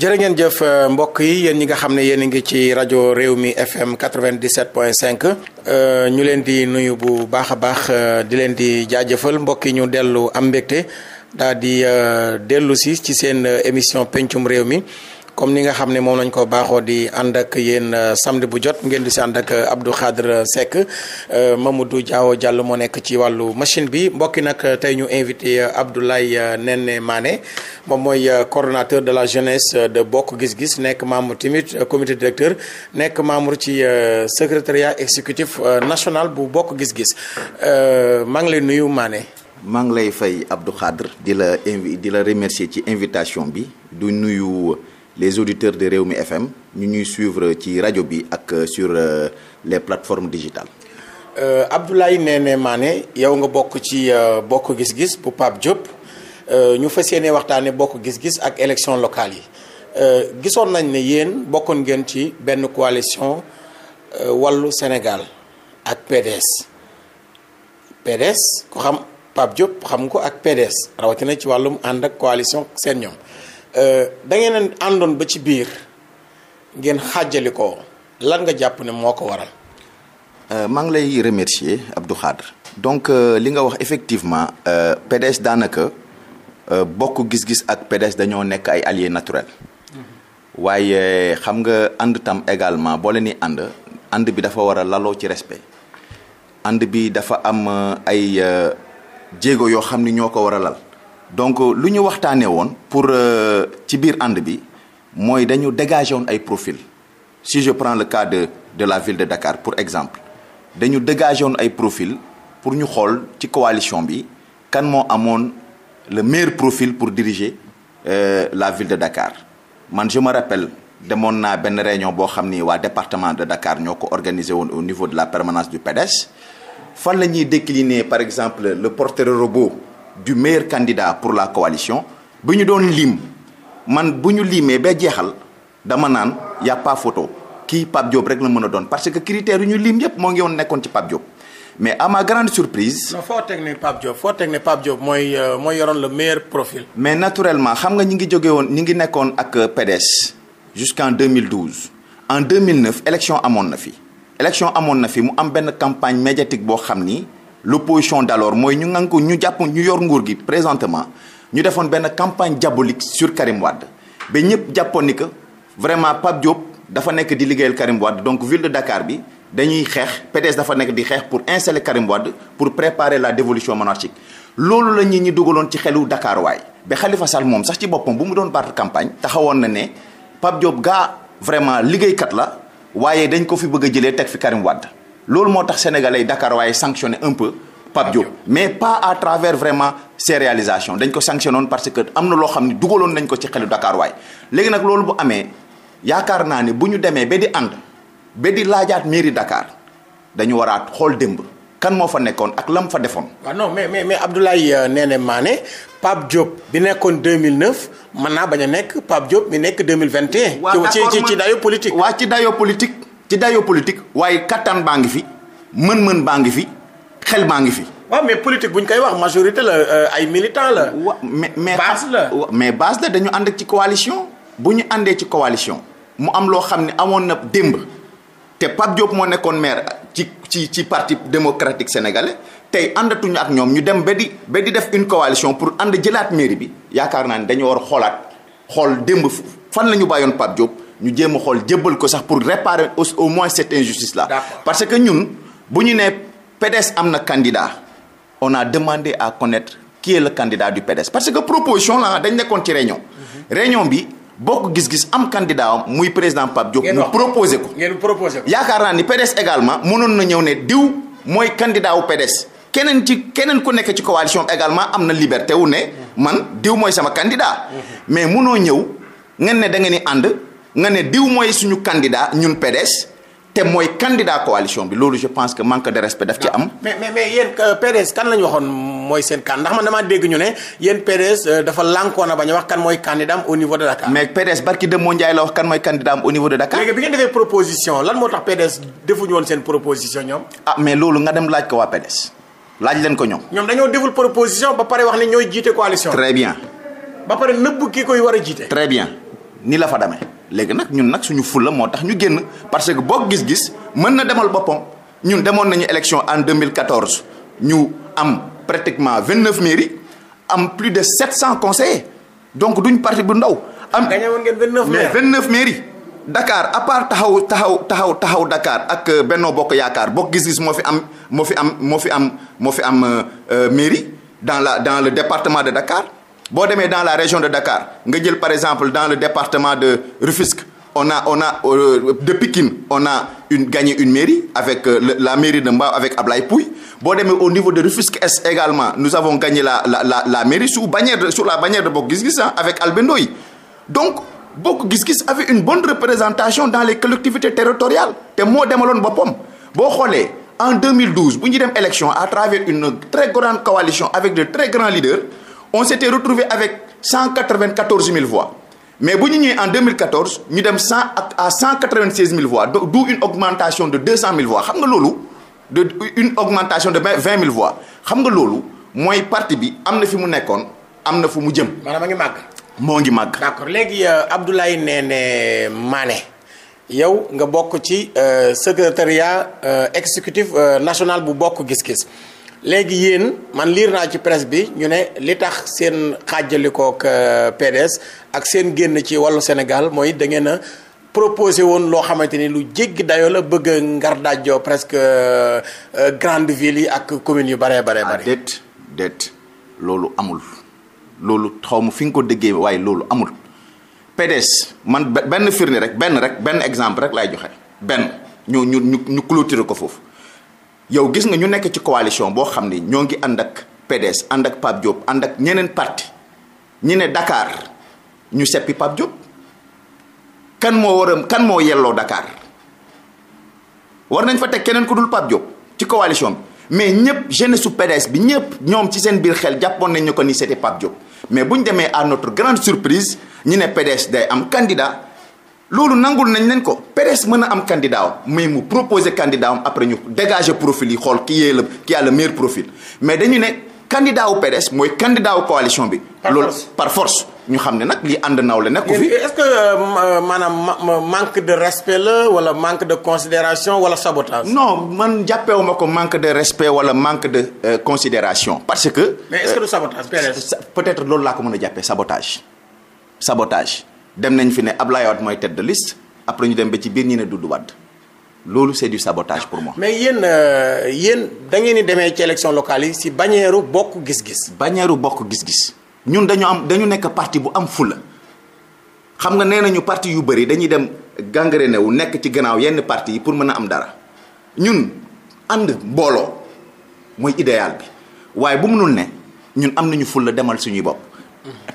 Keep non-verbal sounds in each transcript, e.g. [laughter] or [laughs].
jërë ngeen jëf euh, mbokk yi yéen ñi nga xam ne yéen a ngi ci rajo réew mi FM 97.5 euh, ñu leen di nuyu bu baax a baax euh, di leen di jaajëfal mbokk yi ñu dellu am mbégte daal di dellu si ci seen émission pencum réew mi. comme ni nga xam ne moom lañ ko baaxoo di ànd ak yéen euh, samedi bu jot ngeen di si ànd ak euh, Abdou Khadre Seck euh, du Diaw jàll moo nekk ci wàllu machine bi mbokki nag tey ñu invité Abdoulaye Néné maane moom mooy coordonnateur de la jeunesse de Bokk Gis Gis nekk membre tamit comité directeur nekk membre ci secrétariat exécutif national bu Bokk Gis Gis maa ngi lay nuyu maane maa ngi lay fay Abdou Khadre di la invi di la remercier ci invitation bi du nuyu. les auditeurs de mi FM ñu ñuy suivre ci rajo bi ak euh, sur euh, les plateformes digitales. Euh, Abdoulaye Néné Mané yow nga bokk ci bokk gis-gis bu Pape Diop ñu fas yéene waxtaanee bokk gis-gis ak élection locale yi gisoon nañ ne yéen bokkoon ngeen ci benn coalition wàllu Sénégal ak PDS PDS ku xam Pape Diop xam ko ak PDS rawatina ci wàllum ànd ak coalition seen ñoom. Euh, da ngeen àndoon ba ci biir ngeen xàjjali ko lan nga jàpp ne moo ko waral. Euh, maa ngi lay remercier Abdou Khadre. donc euh, li nga wax effectivement PDS daanaka bokk gis-gis ak PDS dañoo nekk ay alliés naturels. Mm-hmm. waaye xam nga ànd tam également boo leen di ànd ànd bi dafa war a laloo ci respect ànd bi dafa am ay jéego yoo xam ne ñoo ko war a lal. donc euh, lu ñu waxtaanee woon pour euh, ci biir ànd bi mooy dañu dégagé woon ay profil si je prends le cas de de la ville de Dakar pour exemple dañu dégagé ay profil pour ñu xool ci coalition bi kan moo amoon le meilleur profil pour diriger euh, la ville de Dakar man je me rappelle demoon naa benn réunion boo xam ni waa département de Dakar ñoo ko organisé woon au niveau de la permanence du PDS fan la ñuy décliner par exemple le porteur robot du meilleur candidat pour la coalition bu ñu doon liim man bu ñu liimee ba jeexal dama naan y a pas photo kii Pape Diop rek la mën a doon parce que critères yu ñu lim yëpp moo ngi woon nekkoon ci Pape Diop mais à ma grande surprise. non foo foo teg ne mooy euh, mooy yoroon le meilleur profil. mais naturellement xam nga ñi ngi jóge woon ñi ngi nekkoon ak euh, PDS jusqu'en 2012 en 2009 élection amoon na fi élection amoon na fi mu am benn campagne médiatique boo xam ni. lu l'opposition d'alors mooy ñu ngan ko ñu jàpp ñu yor nguur gi présentement ñu defoon benn campagne diabolique sur Karim Wade ba ñëpp jàppoon ni que vraiment Pape Diop dafa nekk di liggéeyal Karim Wade donc ville de Dakar bi dañuy xeex PDS dafa nekk di xeex pour installer Karim Wade pour préparer la dévolution monarchique loolu la ñi ñi dugaloon ci xelu Dakar waay ba Khalifa Sall moom sax ci boppam bu mu doon baat campagne taxawoon na ne Pape Diop gaa vraiment liggéeykat la waaye dañ ko fi bëgg a jëlee teg fi Karim loolu moo tax sénégalais Dakar waaye sanctionné un peu Pape Diop mais pas à travers vraiment ses réalisations dañ ko sanctionné woon parce que am na loo xam ne dugaloon nañ ko ci xelu Dakar waaye léegi nag loolu bu amee yaakaar naa ni bu ñu demee ba di ànd ba di laajaat mairie Dakar dañu waraat xool démb kan moo fa nekkoon ak lam fa defoon. waaw non mais mais mais Abdoulaye euh, Néné Mané Pape Diop bi nekkoon 2009 mën naa bañ a nekk Pape Diop mi nekk 2021. waaw ci ci ci dayo politique. waa ci dayo politique. ci dayoo politique waaye kattan baa ngi fi mën-mën baa ngi fi xel baa ngi fi. waaw mais politique bu ñu koy wax majorité la euh, ay militants la. wa mais mais la mais base la dañu ànd ci coalition. bu ñu àndee ci coalition mu am loo xam ne amoon na démb te Pape Diop moo nekkoon maire ci ci ci parti démocratique sénégalais tey àndatuñu ak ñoom ñu dem ba di ba di def une coalition pour ànd jëlaat mairie bi yaakaar naa ne dañu war a xoolaat xool démb fan la ñu bàyyoon Pape Diop ñu jéem a xool jébbal ko sax pour réparer au moins cette injustice là. parce que ñun bu ñu nee PDS am na candidat on a demandé à connaître qui est le candidat du PDS parce que proposition la dañ nekkoon ci réunion. Mhm. réunion bi bokk gis-gis am candidat muy président Pape Diop. mu proposé ko ngeen proposé ko. yaakaar naa ni PDS également munoon na ñëw ne diw mooy candidat wu PDS. keneen ci keneen ku nekk ci coalition également am na liberté wu ne mhm. man diw mooy sama candidat mhm. mais munoo ñëw ngeen ne da ngeen ni ànd nga ne diw mooy suñu candidat ñun PDS te mooy candidat coalition bi loolu je pense que manque de respect daf ci ah, am. mais mais mais yéen euh, PDS kan la ñu waxoon mooy seen kan ndax man damaa dégg ñu ne yéen PDS euh, dafa lànkoon a bañ a wax kan mooy candidat am au niveau de Dakar. mais PDS barki dem moo Ndiaye la wax kan mooy candidat am au niveau de Dakar. léegi bi ngeen defee proposition lan moo tax PDS defuñu woon seen proposition ñoom. ah mais loolu nga dem laaj ko waa ñoom. ñoom dañoo deful proposition ba pare wax ne ñooy jiite coalition. très bien. ba pare nëbb ki koy war a jiite. très bien ni la fa demee. léegi nag ñun nag suñu fulla moo tax ñu génn parce que boo gis-gis mën na demal boppam ñun demoon nañu élection en deux mille 2014 ñu am pratiquement 29 mairies am plus de cent conseillers donc duñ parti bu ndaw. am gagné woon ngeen 29 mairies mais 29 mairies. Dakar à part taxaw taxaw taxaw taxaw dakaar ak euh, Benno Bokk Yaakaar Bokk Gis-Gis moo fi am moo fi am moo fi am moo fi am euh, euh, mairie dans la dans le département de Dakar. boo demee dans la région de Dakar nga jël par exemple dans le département de Rufisque on a on a euh, une gagné une mairie avec euh, le, la mairie de Mbao avec Ablaye Pouy boo demee au niveau de Rufisque Est également nous avons gagné la la la la mairie sous bannière de sous la bannière de Bokk Gis Gis avec Albendoy donc Bokk Gis Gis une bonne représentation dans les collectivités territoriales te moo demaloon boppam boo xoolee en 2012 bu ñu dem élection à travers une très grande coalition avec de très on s'était retrouvé avec cent quatre-vingt-quatorze mille voix mais bu ñu ñëwee en 2014 ñu dem cent ak à cent quatre-vingt-seize mille voix d'où une augmentation de deux cent mille voix xam nga loolu une augmentation de vingt mille voix xam nga loolu mooy parti bi am na fi mu nekkoon am na fu mu jëm. maanaam a ngi màgg. moo ngi màgg. d'accord léegi euh, Abdoulaye Néné Mané yow nga bokk ci euh, secrétariat euh, exécutif national bu bokk gis-gis. léegi yéen man liir naa ci presse bi ñu ne li tax seen xaajalikook euh, PDS ak seen génn ci wàllu Sénégal mooy da ngeen a proposé woon loo xamante ni lu jéggi dayoo la bëgg ngar dajoo presque euh, euh, grande ville yi ak communes yu baree baree ah, bari déet déet loolu amul loolu xaw ma fi nga ko déggee waaye loolu amul PDS man benn firnde rek benn rek benn exemple rek laay joxe benn ñu ñu ñu ñu ko foofu yow gis nga ñu nekk ci coalition boo xam ne ñoo ngi ànd ak PDS ànd ak Pape Diop ànd ak ñeneen parti ñi ne dakaar ñu seppi Pape Diop kan moo war kan moo yelloo dakaar war nañ fa teg keneen ku dul Pape Diop ci coalition bi mais ñëpp jeunesse su PDS bi ñëpp ñoom ci seen biir xel jàppoon nañ ñu ko ni c'était Pape Diop mais bu ñu demee à notre grande surprise ñu ne PDS day am candidat. loolu nangul nañ leen ko Pérez mën a am candidat mais mu proposer candidat am après ñu dégager profil yi xool ki yee la ki a le meilleur profil mais dañu ne candidat wu mooy candidat wu coalition bi. loolu par force ñu xam ne nag lii ànd naaw la nekk ko fi. est-ce que euh, manque de respect la wala manque de considération wala sabotage. non man jàppewu ma ko manque de respect wala manque de euh, considération parce que. mais est-ce que euh, peut-être loolu laa ko mën a jàppee sabotage sabotage. dem nañ fi ne Ablaye Wade mooy tête de liste après ñu dem ba ci biir ñi ne dudd Wade loolu c'est du sabotage pour moi. mais yéen euh, yéen da ngeen di demee ci élection locale yi si bañeeru bokk gis-gis. bañeeru bokk gis-gis ñun dañu am dañu nekk parti bu am fula xam nga nee nañu parti yu bëri dañuy dem gangréné wu nekk ci gannaaw yenn parti yi pour mën a am dara ñun ànd mbooloo mooy idéal bi waaye bu mënul ne ñun am nañu fula demal suñuy bopp.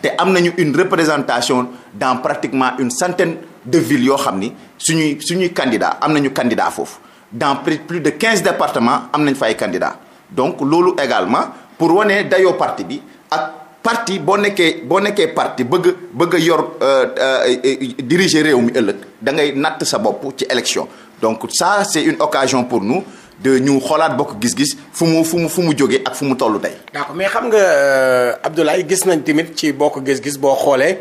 te am nañu une représentation dans pratiquement une centaine de ville yoo xam ni suñuy suñuy candidat am nañu candidat foofu dans plus de quinze départements am nañ fa ay candidat donc loolu également pour wane dayoo parti bi ak parti boo nekkee boo nekkee parti bëgg bëgg a yor euh, euh, diriger réew mi ëllëg da ngay natt sa bopp ci élection donc ça c'est une occasion pour nous de ñu xoolaat bokk gis-gis fu mu fu mu fu mu jógee ak fu mu toll tey. mais xam nga euh, Abdoulaye gis nañ tamit ci bokk gis-gis boo xoolee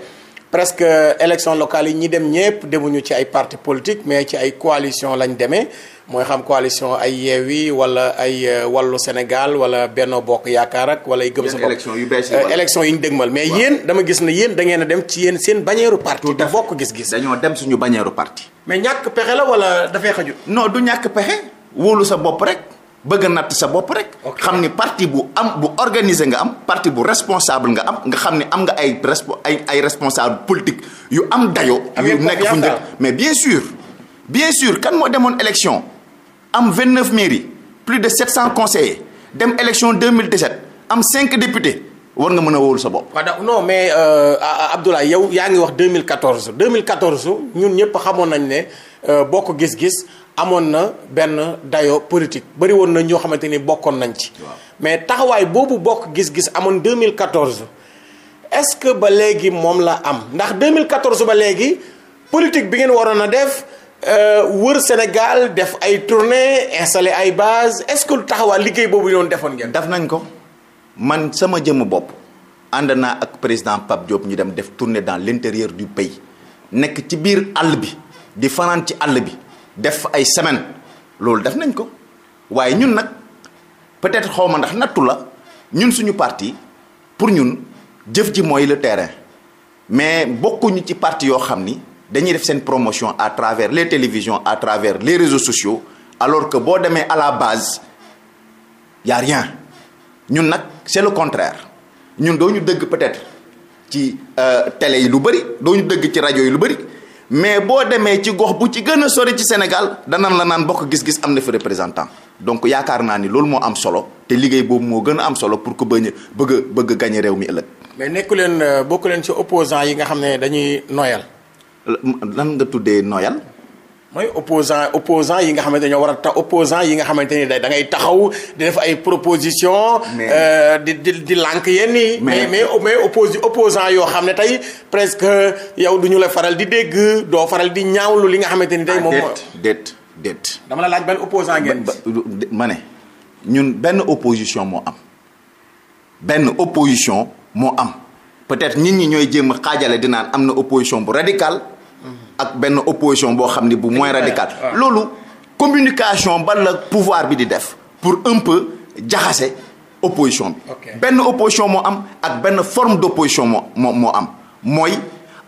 presque élection locale yi ñi dem ñëpp demuñu ci ay parti politique mais ci ay coalition lañ demee mooy xam coalition ay Yewwi wala ay euh, wallu Sénégal wala Benno Bokk Yaakaar ak wala ay gëm sa bopp élection yu yi euh, élection yi ñu dëgmal mais yéen dama gis ne yéen dangeen dem ci yéen seen bañeeru parti di bokk gis-gis dañoo dem suñu bañeeru parti mais ñàkk pexe wóolu sa bopp rek bëgg natt sa bopp rek. xam ni parti bu am bu organisé nga am parti bu responsable nga am nga xam ni am nga ay respo ay ay responsable politique yu am dayo yu nekk fu njëkk mais bien sûr bien sur kan moo demoon élection am 29 mairies plus de 700 conseillers dem élection 2017 am 5 députés war nga mën a wóolu sa bopp. waaw non mais euh, Abdoulaye yow yaa ngi wax mille 2014 2014 ñun ñëpp xamoon nañ ne euh, boo ko gis-gis. amoon na benn dayo politique bëri woon na ñoo xamante ni bokkoon nañ ci. mais taxawaay boobu bokk gis-gis amoon 2014 est-ce que ba léegi moom la am ndax 2014 ba léegi politique bi ngeen waroon a def. Euh, wër Sénégal def ay tournée installé ay base est-ce que lu taxawaa liggéey boobu yoon defoon ngeen. def nañ ko man sama jëmm bopp ànd naa ak président Pape Diop ñu dem def tournée dans l'intérieur du pays nekk ci biir àll bi di fanaan ci àll bi def ay semaine loolu def nañ ko waaye ñun nag peut-être xaw ma ndax nattu la ñun suñu parti pour ñun jëf ji mooy le terrain mais bokkuñu ci parti yoo xam ni dañuy def seen promotion à travers les télévisions à travers les réseaux sociaux alors que boo demee à la base y rien ñun nag c'est le contraire ñun doo ñu dëgg peut-être ci euh, télé yi lu bëri doo ñu dëgg ci rajo yi lu bëri mais boo demee ci gox bu ci gën a sori ci Sénégal danan la naan bokk gis-gis am na fi représentant donc yaakaar naa ni loolu moo am solo te liggéey boobu moo gën a am solo pour que bañ bëgg bëgg a gañe réew mi ëllëg. mais nekku leen bokku leen ci opposant yi nga xam ne dañuy noyal. lan nga tuddee noyal. mooy opposant opposant yi nga xamante ñoo war a tax opposant yi nga xamante ni da ngay taxaw di def ay proposition euh, di di di lànk yenn yi mais mais mais oppose opposant yoo xam ne tey presque yow du ñu la faral di dégg doo faral di ñaawlu li nga xamante ni tey moom ah, déet déet dama la laaj benn opposant ngeen ma ne ñun benn opposition moo am benn opposition moo am peut-être nit ñi ñooy jëm a xaajale di am na opposition bu radicale ak benn opposition boo xam ni bu moins radical loolu communication ba la pouvoir bi di def pour un peu jaxase opposition bi benn opposition moo am ak benn forme d'opposition moo moo moo am mooy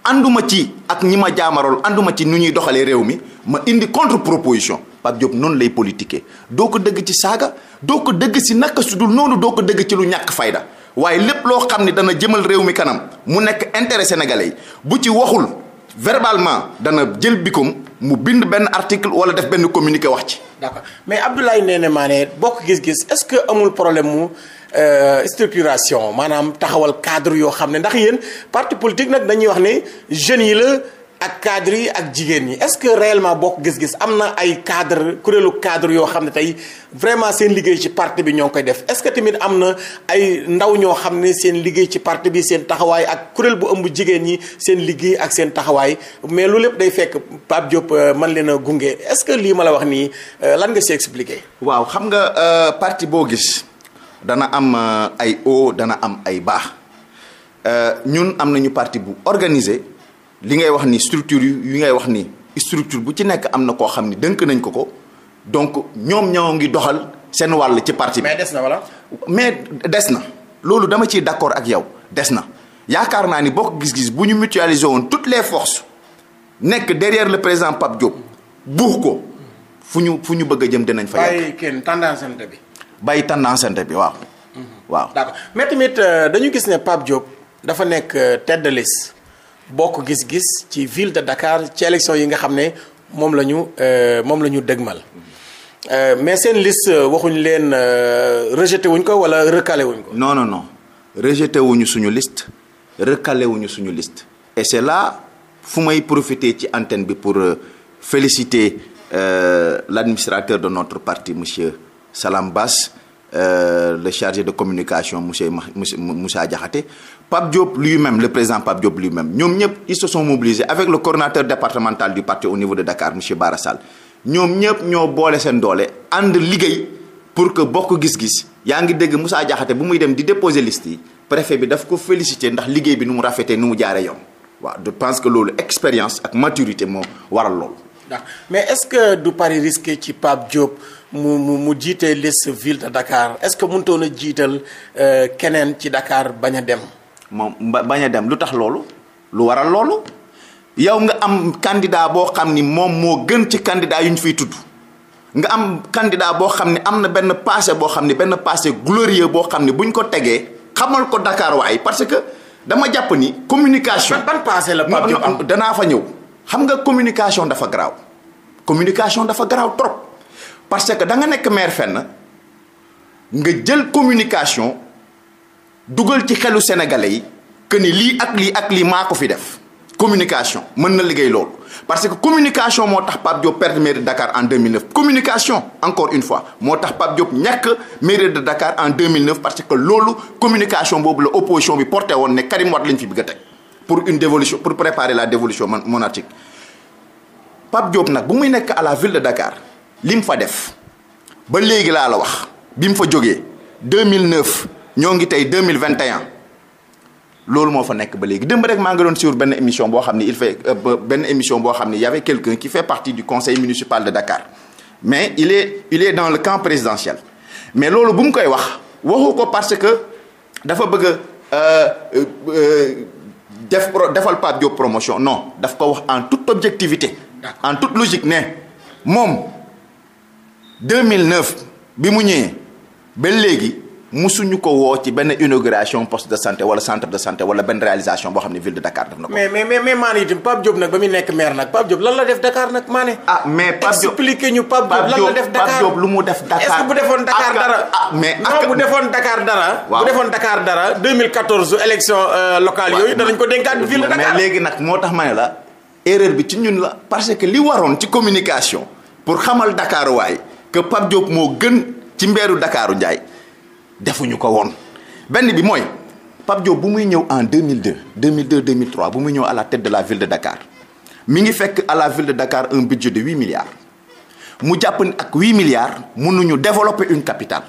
ànduma ci ak ñi ma jaamarool ànduma ci nu ñuy doxalee réew mi ma indi contre proposition Pape Diop noonu lay politiquer doo ko dëgg ci saaga doo ko dëgg si naka sudul noonu doo ko dëgg ci lu ñàkk fayda waaye lépp loo xam ni dana jëmal réew mi kanam mu nekk intérêt sénégalais bu ci waxul verbalement dana jël bikom mu bind benn article wala def benn communiqué wax ci. d'accord mais Abdoulaye Néné Mané bokk gis-gis est-ce que amul problème mu euh, structuration maanaam taxawal cadre yoo xam ne ndax yéen parti politique nag dañuy wax ne jeunes yi la. ak cadre yi ak jigéen ñi est-ce que réellement bokk gis-gis am na ay cadre kuréelu cadre yoo xam ne tey vraiment seen liggéey ci parti bi ñoo koy def est-ce que tamit am na ay ndaw ñoo xam ne seen liggéey ci parti bi seen taxawaay ak kuréel bu ëmb jigéen ñi seen liggéey ak seen taxawaay mais lu lépp day fekk Pape Diop euh, man leen a gunge est-ce que lii ma la wax nii euh, lan nga si expliquer. waaw xam nga euh, parti boo gis dana am ay haut dana am ay baax ñun am nañu parti bu organisé. li ngay wax ni structure yu yu ngay wax ni structure bu ci nekk am na koo xam ni dënk nañ ko ko donc ñoom ñoo ngi doxal seen wàll ci parti bi. mais des na wala. mais des na loolu dama ciy d'accord ak yow des na yaakaar naa ni bokk gis-gis bu ñu mutualiser woon toutes les forces nekk derrière le président Pape Diop buux ko fu ñu fu ñu bëgg a jëm dinañ fa. yegg bàyyi kenn tendance bi. bàyyi tendance bi waaw. Mhm. waaw d'accord euh, dañu gis ne Pape Diop dafa nekk euh, tête de liste bokk gis-gis ci ville de Dakar ci élection yi nga xam ne moom la ñu euh, moom la ñu dëgmal euh, mais seen liste euh, waxuñu leen rejeté wuñ ko wala recalé wuñ ko. no non non rejeté wuñu suñu liste recalé wuñu suñu liste. et c'est là fu may profiter ci antenne bi pour féliciter euh, l'administrateur de notre parti monsieur Salam Bass euh, le chargé de communication monsieur Moussa Diakhaté Pape Diop lui-même le président Pape Diop lui-même ñoom ñëpp ils se sont mobilisés avec le coordonnateur départemental du parti au niveau de Dakar monsieur Bara ñoom ñëpp ñoo boole seen doole ànd liggéey pour que bokk gis-gis yaa ngi dégg Moussa Diakhaté bu muy dem di déposer liste yi préfet bi daf ko féliciter ndax liggéey bi nu mu rafetee nu mu jaaree yoon waaw je pense que loolu expérience ak maturité moo waral loolu. mais est-ce que du pari risqué ci Pape Diop. mu mu mu jiite liste ville de est-ce que mënutoon a jiital euh, keneen ci Dakar bañ a dem. moom bañ a dem lu tax loolu lu waral loolu yow nga am candidat boo xam ni moom moo gën ci candidat yu ñu fi tudd nga am candidat boo xam ne am na benn passé boo xam ne benn passé glorieux boo xam ne bu ñu ko tegee xamal ko Dakar waay parce que dama jàpp ni communication ban passé la danaa fa ñëw xam nga communication dafa garaaw communication dafa garaaw trop parce que da nga nekk maire fenn nga jël communication dugal ci xelu sénégalais yi que ni lii ak lii ak lii maa ko fi def communication mën na liggéey loolu parce que communication moo tax Pape Diop perdre mairie de Dakar en 2009 communication encore une fois moo tax Pape Diop ñàkk mairie de Dakar en 2009 parce que loolu communication boobu la opposition bi porté woon ne Karim Wade lañ fi bëgg a teg pour une dévolution pour préparer la dévolution monarchique Pape Diop nag bu muy nekk à la ville de Dakar li mu fa def ba léegi laa la wax bi mu fa jógee 2009 ñoo ngi tey 2021 loolu moo fa nekk ba léegi dëmb rek maa ngi doon suivre benn émission boo xam ni il fait euh, benn émission boo xam ni y avait quelqu'un qui fait partie du conseil municipal de Dakar mais il est il est dans le camp présidentiel mais loolu bu mu koy wax waxu ko parce que dafa bëgg a euh, euh, def defal Pape Diop promotion non daf ko wax en tout objectivité en toute logique ne moom 2009 bi mu ñëwee ba léegi musuñu ko woo ci benn inauguration poste de santé wala centre de santé wala benn réalisation boo xam ne ville de Dakar def na ko. mais mais mais la def Dakar nag maa ne. ah mais Pape Diop expliqué ñu Pape Diop def Dakar Pape Diop lu mu def Dakar ah, bu defoon Dakar dara. ah mais bu defoon dakaar dara. waaw bu defoon Dakar dara 2014 élection euh, locale yooyu danañ ko dénkaat ville de Dakar mais léegi nag moo tax ma ne la erreur bi ci ñun la parce que li waroon ci communication pour xamal Dakar waay que Pape Diop moo gën ci mbeeru dakaaru Ndiaye. defuñu ko woon benn bi mooy Pape Diop bu muy ñëw en 2002 mille 2003 bu muy ñëw à la tête de la ville de Dakar mi ngi fekk à la ville de Dakar un budget de huit milliards mu jàpp ne ak huit milliards mënuñu développer une capitale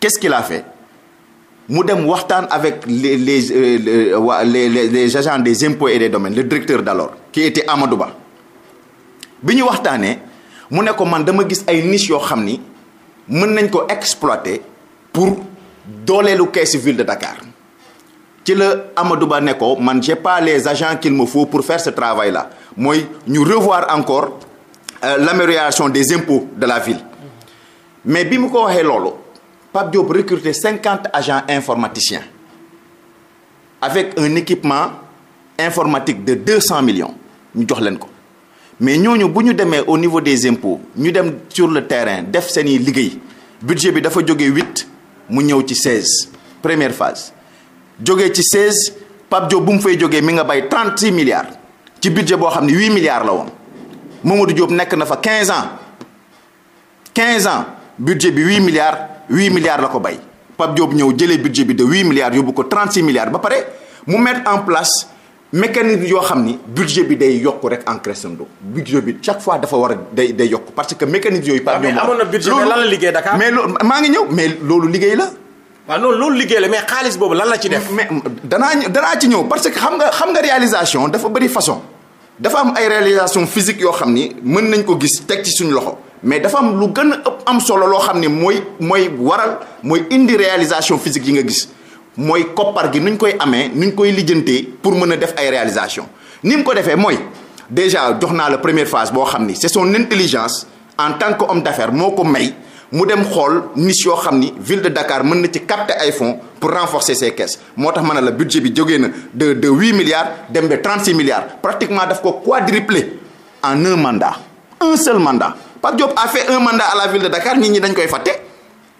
qu'est-ce qu'il a fait mu dem waxtaan avec les euh, les les les agents des impôts et des domaines le directeur d'alors qui était Amadou Ba bi ñu waxtaanee mu ne ko man dama gis ay niches yoo xam ni mën nañ ko exploiter. pour dooleelu keesu ville de Dakar ci la Amadou Ba ne ko man j'ai pas les agents qu'il me pour faire ce travail là mooy ñu revoir encore euh, l'amélioration des impôts de la ville mais bi mu ko waxee loolu Pape Diop recruter cinquante agents informaticiens avec un équipement informatique de deux cent millions ñu jox leen ko mais ñooñu bu ñu demee au niveau des impôts ñu dem sur le terrain def seeni liggéey budget bi dafa jógee huit mu ñëw ci 16 première phase jóge ci 16 Pape Diop bu mu fay jógee mi nga bay 36 milliards ci budget boo xam ne 8 milliards la woon Mamadou Diop nekk na fa 15 ans 15 ans budget bi 8 milliards 8 milliards la ko bay Pape Diop ñëw jëlee budget bi de 8 milliards yóbbu ko 36 milliards ba pare mu mettre en place. mécanisme yoo xam ni budget bi day yokk rek en crescendo budget bi chaque fois dafa war a day day yokk parce que mécanisme yooyu. par ñoom ah, amoon na budget mais lan la liggéey Dakar. mais loolu maa ngi ñëw mais loolu liggéey la. waaw noonu loolu liggéey la mais xaalis boobu lan la ci def. mais danaa danaa ci ñëw parce que xam nga xam nga réalisation dafa bëri façon dafa am ay réalisation physique yoo xam ni mën nañ ko gis teg ci suñu loxo mais dafa am lu gën a ëpp am solo loo xam ni mooy mooy waral mooy indi réalisation physique yi nga gis. mooy koppar gi ñu koy amee nu ñu koy lijjantee pour mën a def ay réalisation ni mu ko defee mooy déjà jox naa la première phase boo xam ni c'est son intelligence en tant que homme d'affaires moo ko may mu dem xool niche yoo xam ni ville de Dakar mën na ci capter ay fonds pour renforcer ses caisses moo tax ma ne la budget bi jógee na de de huit milliards dem ba trente six milliards pratiquement daf ko quadruplé en un mandat un seul mandat Pape Diop a fait un mandat la ville de Dakar nit ñi dañ koy fàtte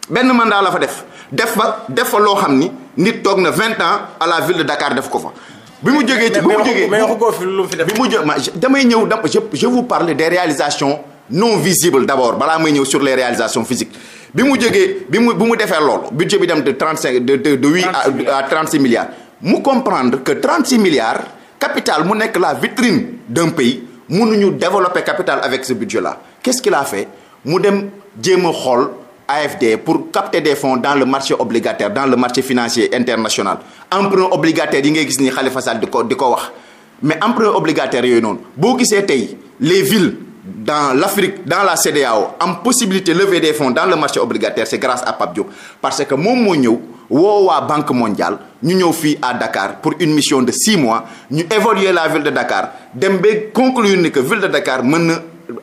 benn mandat la fa def. def fa def fa loo xam ni nit toog na vingt ans à la ville de Dakar def ko fa. bi mu jógee ci bi mu jógee mais fi lu fi def. bi mu jógee ma damay ñëw da je je vous parle des non visibles d' abord balaa may ñëw sur les réalisations physiques bi mu jógee bi mu mu defee loolu budget bi dem de trente cinq de de de huit à trente six milliards. mu comprendre que trente six milliards capital mu nekk la vitrine d' un nu ñu développer capital avec ce budget là qu' est mu dem jéem a xool. AFD pour capter des fonds dans le marché obligataire dans le marché financier international emprunt obligataire yi ngay gis ni Khalifa Sall di ko di ko wax mais emprunt obligataire yooyu noonu boo gisee tey les villes dans l'Afrique dans la CEDEAO am possibilité lever des fonds dans le marché obligataire c'est grâce à Pape Diop parce que moom moo ñëw woowaa waa Banque mondiale ñu ñëw fii à Dakar pour une mission de six mois ñu évaluer la ville de Dakar dem be conclure ni que ville de Dakar mën na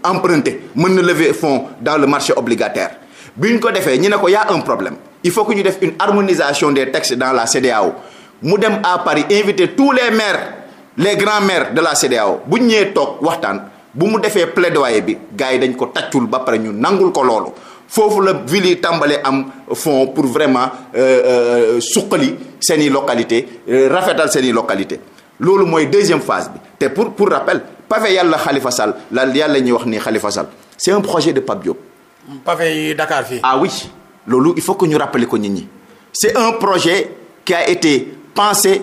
emprunter mën na lever fonds dans le marché obligataire bi ñu ko defee ñu ne ko y a un problème il faut que ñu def une harmonisation des textes dans la CEDEAO mu dem à Paris inviter tous les maires les grands maires de la CEDEAO bu ñu ñëwee toog waxtaan bu mu defee plaidoyer bi gars yi dañ ko taccul ba pare ñu nangul ko loolu foofu la ville yi tàmbalee am fonds pour vraiment euh, euh, suqali seen i localité euh, rafetal seen i localité loolu mooy deuxième phase bi te pour pour rappel pavé yàlla xalifa Sall la yàlla ñuy wax nii Khalifa Sall c'est projet de Pape Diop pavé yi dakaar fii. ah oui loolu il faut que ñu rappeler ko nit ñi c'est un projet qui a été pensé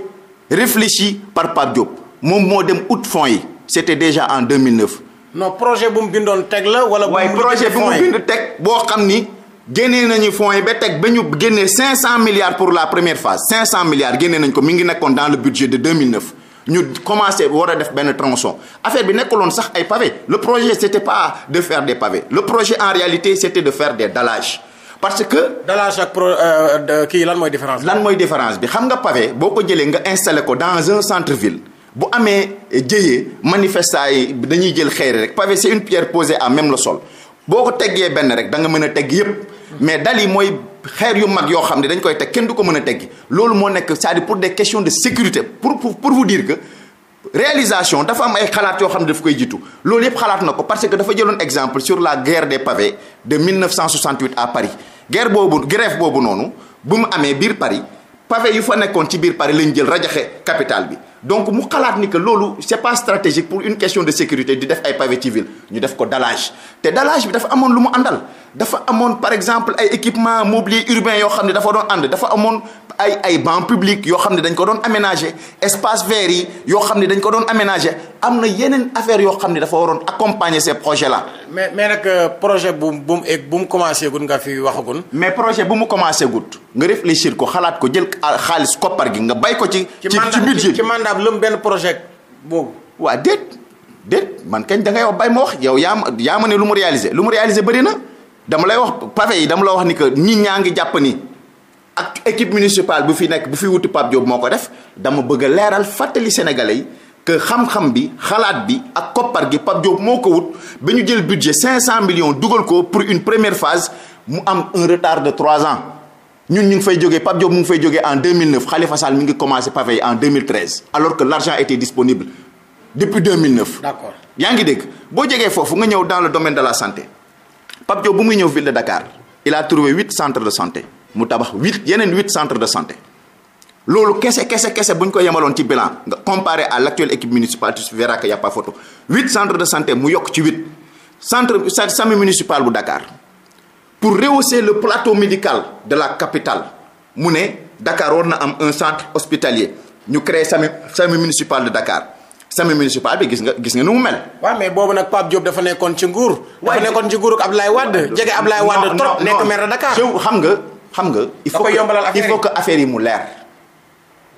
réfléchi par Pape Diop moom moo dem ut fonds yi c'était déjà en 2009. non projet bu mu bindoon teg la wala. bu mu bind teg boo xam ni. génnee nañu fonds yi ba teg ba ñu génnee 500 milliards pour la première phase 500 milliards génnee nañ ko mi ngi nekkoon dans le budget de 2009. ñu commencé war a def benn tronçon affaire bi nekkuloon sax ay pavé le projet c'était pas de faire des pavés le projet en réalité c'était de faire des dallages parce que. dallage ak pro euh, kii lan mooy différence lan mooy différence bi xam nga pavé boo ko jëlee nga installé ko dans un centre ville bu amee jëyee manifestaa yi dañuy jël xeer rek pavé c'est une pierre posée à même le sol. boo ko teggee benn rek danga mën a tegg yëpp mais dal yi mooy xeer yu mag yoo xam ne dañ koy teg kenn du ko mën a teggi loolu moo nekk saa à pour des question de sécurité pour pour pour vous dire que réalisation dafa am ay xalaat yoo xam ne daf koy jiitu loolu yëpp xalaat na ko parce que dafa jëloon exemple sur la guerre des pavés de 1968 à Paris guerre boobu grève boobu noonu bu mu amee biir Paris pavé yu fa nekkoon ci biir Paris lañ jël rajaxe capitale bi donc mu xalaat ni que loolu c'est pas stratégique pour une question de sécurité di def ay pavé civil ñu def ko dallage te dallage bi dafa amoon lu mu àndal dafa amoon par exemple ay équipement mobilier urbain yoo xam ne dafa doon ànd dafa amoon ay ay bancs yoo xam ne dañ ko doon aménager espace vert yi yoo xam ne dañ ko doon aménager am na yeneen affaire yoo xam ne dafa waroon accompagner ces projets là. mais mais nag euh, projet bu bu bu mu commencé gud nga fi waxagul. mais projet bu mu commencé gud nga réfléchir ko xalaat ko jël ah, xaalis koppar gi nga bay ko ci. ci ci budget ci mandat lëm benn projet boobu. waa déet déet man kañ da ngay wax bay ma wax yow yaa ma yaa ma ne lu mu réalisé lu mu réalisé bëri na. dama lay wax pavé yi dama la wax ni que ñi ñaa ngi jàpp ni ak équipe municipale bu fi nekk bu fi wuti Pape Diop moo ko def dama bëgg leeral fàttali sénégalais yi que xam-xam bi xalaat bi ak koppar gi Pape Diop moo ko wut ba ñu jël budget 500 millions dugal ko pour une première phase mu am un retard de 3 ans ñun ñu ngi fay jógee Pape Diop mu ngi fay jógee en 2009 Khalifa Sall ngi commencé pavé en alors que l'argent était disponible depuis boo jegee foofu nga ñëw dans le domaine de la santé. Pape Diop bu muy ñëw ville de Dakar il a trouvé huit centres de santé mu tabax huit yeneen huit centres de santé loolu kese kese kese bu ñu ko yemaloon ci bilan nga comparé à l' actuelle équipe municipale tu verras que y' a pas photo huit centres de santé mu yokk ci huit municipal bu Dakar pour rehausser le plateau médical de la capitale mu ne Dakar war na am un centre hospitalier ñu créé SAMU SAMU municipal de Dakar. sami municipal bi gis nga gis nga nu mu mel. waaw mais boobu nag Pape Diop dafa nekkoon ci nguur. xam nga xam nga. il faut que il faut que yi mu leer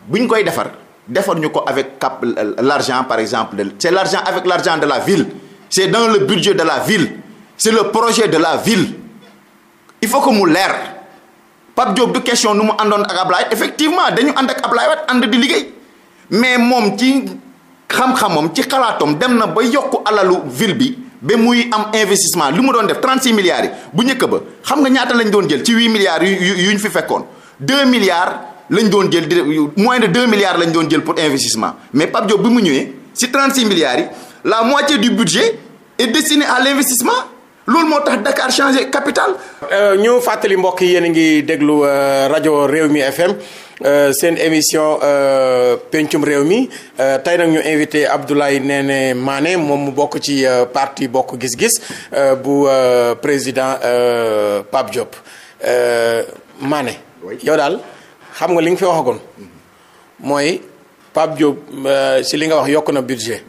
bu ñu koy defar defar ñu ko avec cap l' argent par exemple de c' est l' argent l' argent de la ville c' est la ville c' le projet de la ville il faut que mu leer Pape Diop du question nu mu àndoon ak Ablaye effectivement dañu ànd ak Ablaye Wade ànd di liggéey mais moom ci. xam-xamam ci xalaatam dem na ba yokk alalu ville bi ba muy am investissement li ma doon def 36 milliards bu njëkk ba xam nga ñaata lañ doon jël ci 8 milliards yu ñu fi fekkoon 2 milliards lañ doon jël di moins de 2 milliards lañ doon jël pour investissement mais Pape Diop bi mu ñëwee si 36 milliards yi la moitié du budget est destinée à l'investissement loolu moo tax Dakar changé capital. Euh, ñu fàttali mbokk yi yéen a ngi déglu euh, rajo réew mi FM euh, seen émission pencum réew mi tey nag ñu invité Abdoulaye Néné maane moom mu bokk ci parti bokk gis-gis bu président Pape Diop maane yow daal xam nga li nga fi waxagoon mooy Pape Diop si li nga wax yokk na budget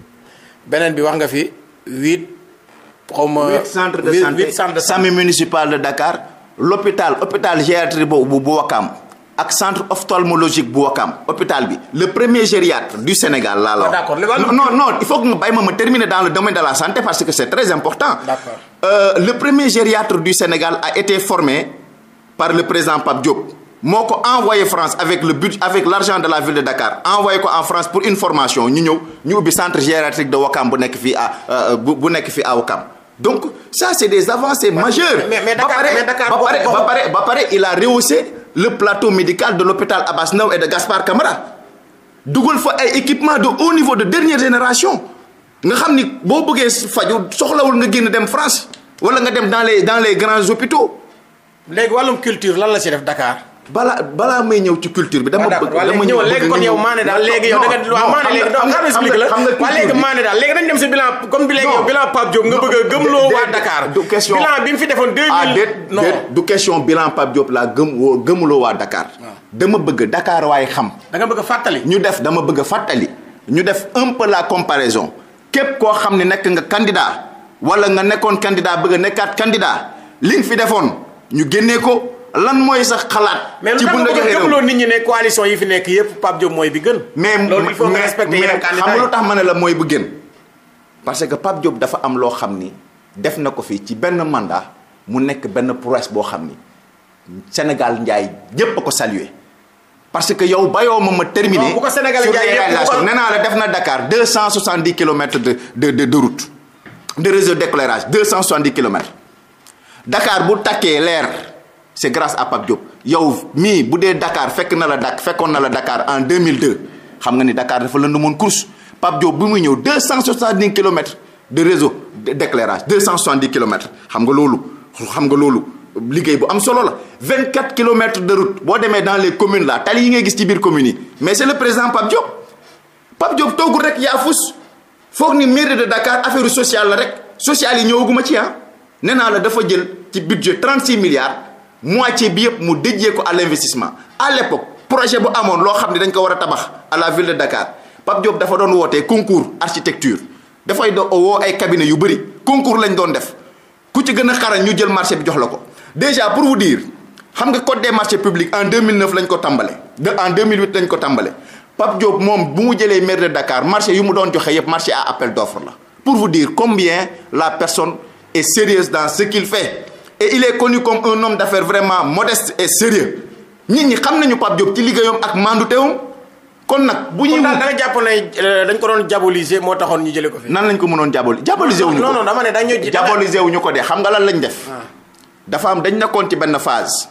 beneen bi wax nga fi huit. comme euh, huit centres de santé huit centres de santé municipal de Dakar. l'hôpital hôpital gériatrie bu Wakam ak centre ophtalmologique bu Wakam hôpital bi le premier gériatre du Sénégal laa la wax. d'accord non non il faut que nga ma ma terminer dans le domaine de la santé parce que c'est très important. Euh, le premier gériatre du Sénégal a été formé par le président Pape Diop. moo ko envoyé France avec le but avec l'argent de la ville de Dakar envoyé ko en France pour une formation ñu ñëw ñu ubbi centre gériatrique de Wakam bu nekk fii à euh, bu nekk fii à Wakam. donc ça c'est des avancées ouais, majeures. mais mais Dakar mais Dakar ba pare ba pare ba pare il a rehaussé le plateau médical de l'hôpital Abass Ndao et de Gaspard Camara dugal fa ay équipement de haut niveau de dernière génération nga xam ni boo bëggee faju soxlawul nga génn dem France wala nga dem dans les dans les grands hôpitaux. léegi wàllum culture lan la ci def Dakar. balaa balaa may ñëw ci culture bi. dama ah, bëgg dama ñëw léegi kon yow léegi yow da nga. waaw maane léegi donc xam explique la waaw léegi maane daal léegi dañu a gëmloo waa Dakar. du question bilan mu fi defoon 2000. ah déet déet du question bilan Pape Diop laa gëm woo gëmuloo waa Dakar. Ah. dama bëgg Dakar waaye xam. da bëgg a fàttali. ñu def dama bëgg fàttali. ñu def un peu la comparaison képp koo xam ne nekk nga candidat wala nga nekkoon candidat bëgg a nekkaat candidat li nga fi defoon ñu génnee ko lan mooy sax xalaat. ci bu ndaje réew mais gëmloo nit ñi ne coalition yi fi nekk yëpp Pape Diop mooy bi gën. loolu il faut nga respecté yeneen lu tax ma ne la mooy bu gën. parce que Pape Diop dafa am loo xam ni def na ko fii ci benn mandat mu nekk benn prouesse boo xam ni senegal njaay yëpp a ko saluer. parce que yow bayoo ma ma terminer. bu ko Sénégal njaay yëpp nee naa la def na Dakar deux cent soixante dix kilomètres de de de route de réseau d'éclairage deux cent soixante dix kilomètres dakaar bu takkee leer. c' grace à Pape Diop yow mii bu dee Dakar fekk na la Dak fekkoon na la Dakar en 2002 xam nga ni Dakar dafa lëndëmoon course Pape Diop bi muy ñëw 270 kilomètres de réseau d' éclairage 270 kilomètres xam nga loolu xam nga loolu liggéey bu am solo la 24 kilomètres de route boo demee dans les communes la tali yi ngay gis ci biir communes yi mais c' est le président Pape Diop Pape Diop toogul rek yaa fus foog ni mairie de Dakar affaire sociale la rek sociale yi ñëwaguma ci ah nee naa la dafa jël ci budget 36 milliards. moitié bi yëpp mu déjee ko à l'investissement à l'époque projet bu amoon loo xam ne dañ ko war a tabax à la ville de Dakar Pape Diop dafa doon wootee concours architecture dafay do woo ay cabinet yu bëri concours lañ doon def ku ci gën a xarañ ñu jël marché bi jox la ko déjà pour vous dire xam nga code des marchés publics en 2009 lañ ko tàmbale de en 2008 lañ ko tàmbale Pape Diop moom bu mu jëlee maire de Dakar marché yu mu doon joxe yëpp marché à appel d'offres la pour vous dire combien la personne est sérieuse dans ce qu'il fait et il est connu comme un homme d'affaires vraiment modeste et sérieux nit ñi xam nañu Pape Diop ci liggéeyam ak mandutewam kon nag bu ñuy daal da euh, dañ ko doon diaboliser moo taxoon ñu jëlee ko fi. nan lañ ko mënoon diaboliser diaboliser wuñu ko non non dama ne dañu diaboliser ko de xam nga lan lañ def. Ah. dafa am dañ nekkoon ci benn phase.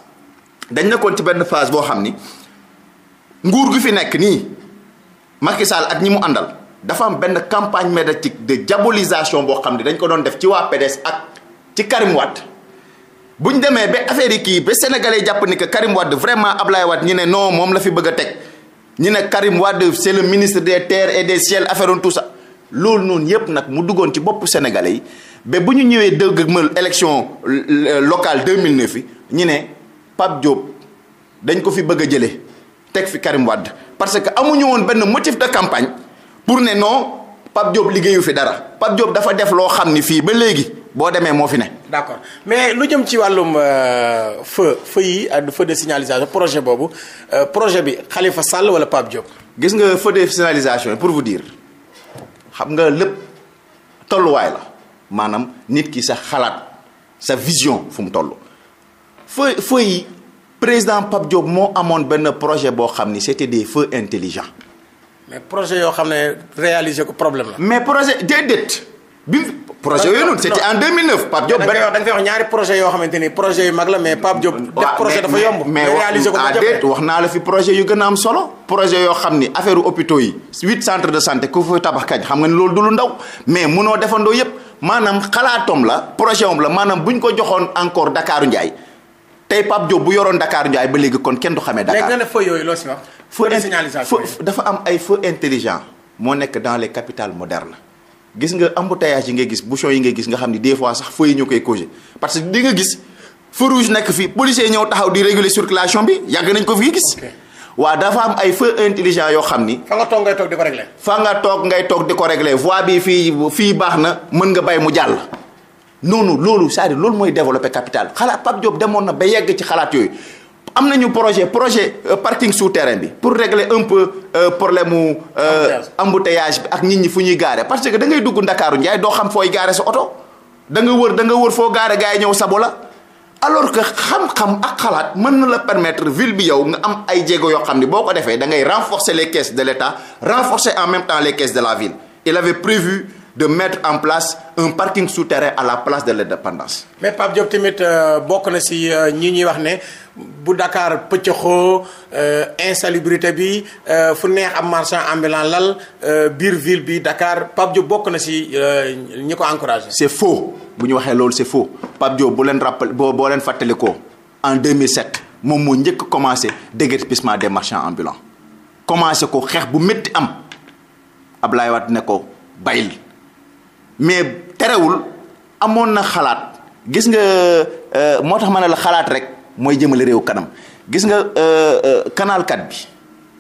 dañ nekkoon ci benn phase boo xam ni nguur gi fi nekk nii Macky Sall ak ñi mu àndal dafa am benn campagne médiatique de diabolisation boo xam ne dañ ko doon def ci waa PDS ak ci Karim bu ñu demee ba affaire yi kii ba sénégalais jàpp ni que Karim Wade vraiment Ablaye Wade ñu ne noo moom la fi bëgg a teg ñu ne Karim Wade c'est le ministre des terres et des ciels affaire tout ça loolu noonu yëpp nag mu duggoon ci boppu sénégalais yi ba bu ñu ñëwee dëgg mal élection locale 2009 yi ñu ne Pape Diop dañ ko fi bëgg a jëlee teg fi Karim Wade parce que amuñu woon benn motif de campagne pour ne non. Pape Diop liggéeyu fi dara Pape Diop dafa def loo xam ni fii ba léegi boo demee moo fi ne. d'accord mais lu jëm ci wàllum euh, feu feu yi feu de projet boobu euh, projet bi Khalifa Sall wala Pape Diop. gis nga feu de signalisation pour vous dire xam nga lépp tolluwaay la maanaam nit ki sa xalaat sa vision fu mu toll. feu feu yi président Pape Diop moo amoon benn projet boo xam ni c'était des feux intelligents. mais projet yoo xam ne réaliser ko problème la. mais projet déedéet bi projet yooyu noonu c'était en 2009. Pape Diop benn da nga wax ñaari projet yoo xamante ni projet yu mag la mais Pape Diop. def projet dafa yomb. mais ah, wax naa la fi projet yu gën a am projet yoo xam ni affaire hôpitaux yi huit centres de santé ku fa tabax kañ xam nga loolu du lu ndaw mais mënoo defandoo yépp maanaam xalaatom la projet am la maanaam bu ñu ko joxoon encore dakaaru Ndiaye tey Pape Diop bu yoroon Dakar Ndiaye ba léegi kon kenn du xamee. Dakar yooyu loo si wax. feu de signalisation dafa am ay feu intelligent moo nekk dans les capitales modernes gis nga embouteillage yi ngay gis bouchon yi ngay gis nga xam ni des fois sax foo yi ñu koy causé parce que di nga gis feu rouge nekk fii policiers ñëw taxaw di réguler circulation bi yàgg nañ ko fi gis. waaw dafa am ay feu intelligent yoo xam ni. fa nga toog ngay toog di ko régler. fa toog ngay toog di ko régler voie bi fii fii baax na mën nga bay mu jàll. noonu loolu cest loolu mooy développer capital xalaat Pape Diop demoon na ba yegg ci xalaat yooyu. am nañu projet projet euh, parking terrain bi pour régler un peu euh, problème mu. Euh, embouteillage bi ak nit ñi fu ñuy gaare parce que da ngay dugg Ndakaaru Ndiaye doo xam fooy gaare sa oto da nga wër da nga wër foo gaare gars yi ñëw sabo la alors que xam-xam ak xalaat mën na la permettre ville bi yow nga am ay jéego yoo xam ne boo ko defee da ngay renforcer les caisses de l'État renforcer en même temps les caisses de la ville il avait prévu. de mettre en place un parking souterrain à la place de l'indépendance. mais pab Diop tamit euh, bokk na si euh, ñi ñuy wax ne bu Dakar pëccëxoo euh, insalubrité bi fu neex am marchand ambulant lal biir ville bi dakaar Pape Diop bokk na si ñi ko encouragé. c'est faux bu ñu waxee loolu c'est faux Pape Diop bu leen rappel boo boo leen fàttalikoo en 2007 moom moo njëkk commencé déguerpissement de marchands ambulants commencé ko xeex bu métti am Ablaye Wade ne ko bayil. mais terewul amoon na xalaat gis nga euh, moo tax ma ne la xalaat rek mooy jëmale réew kanam gis nga euh, euh, canal 4 bi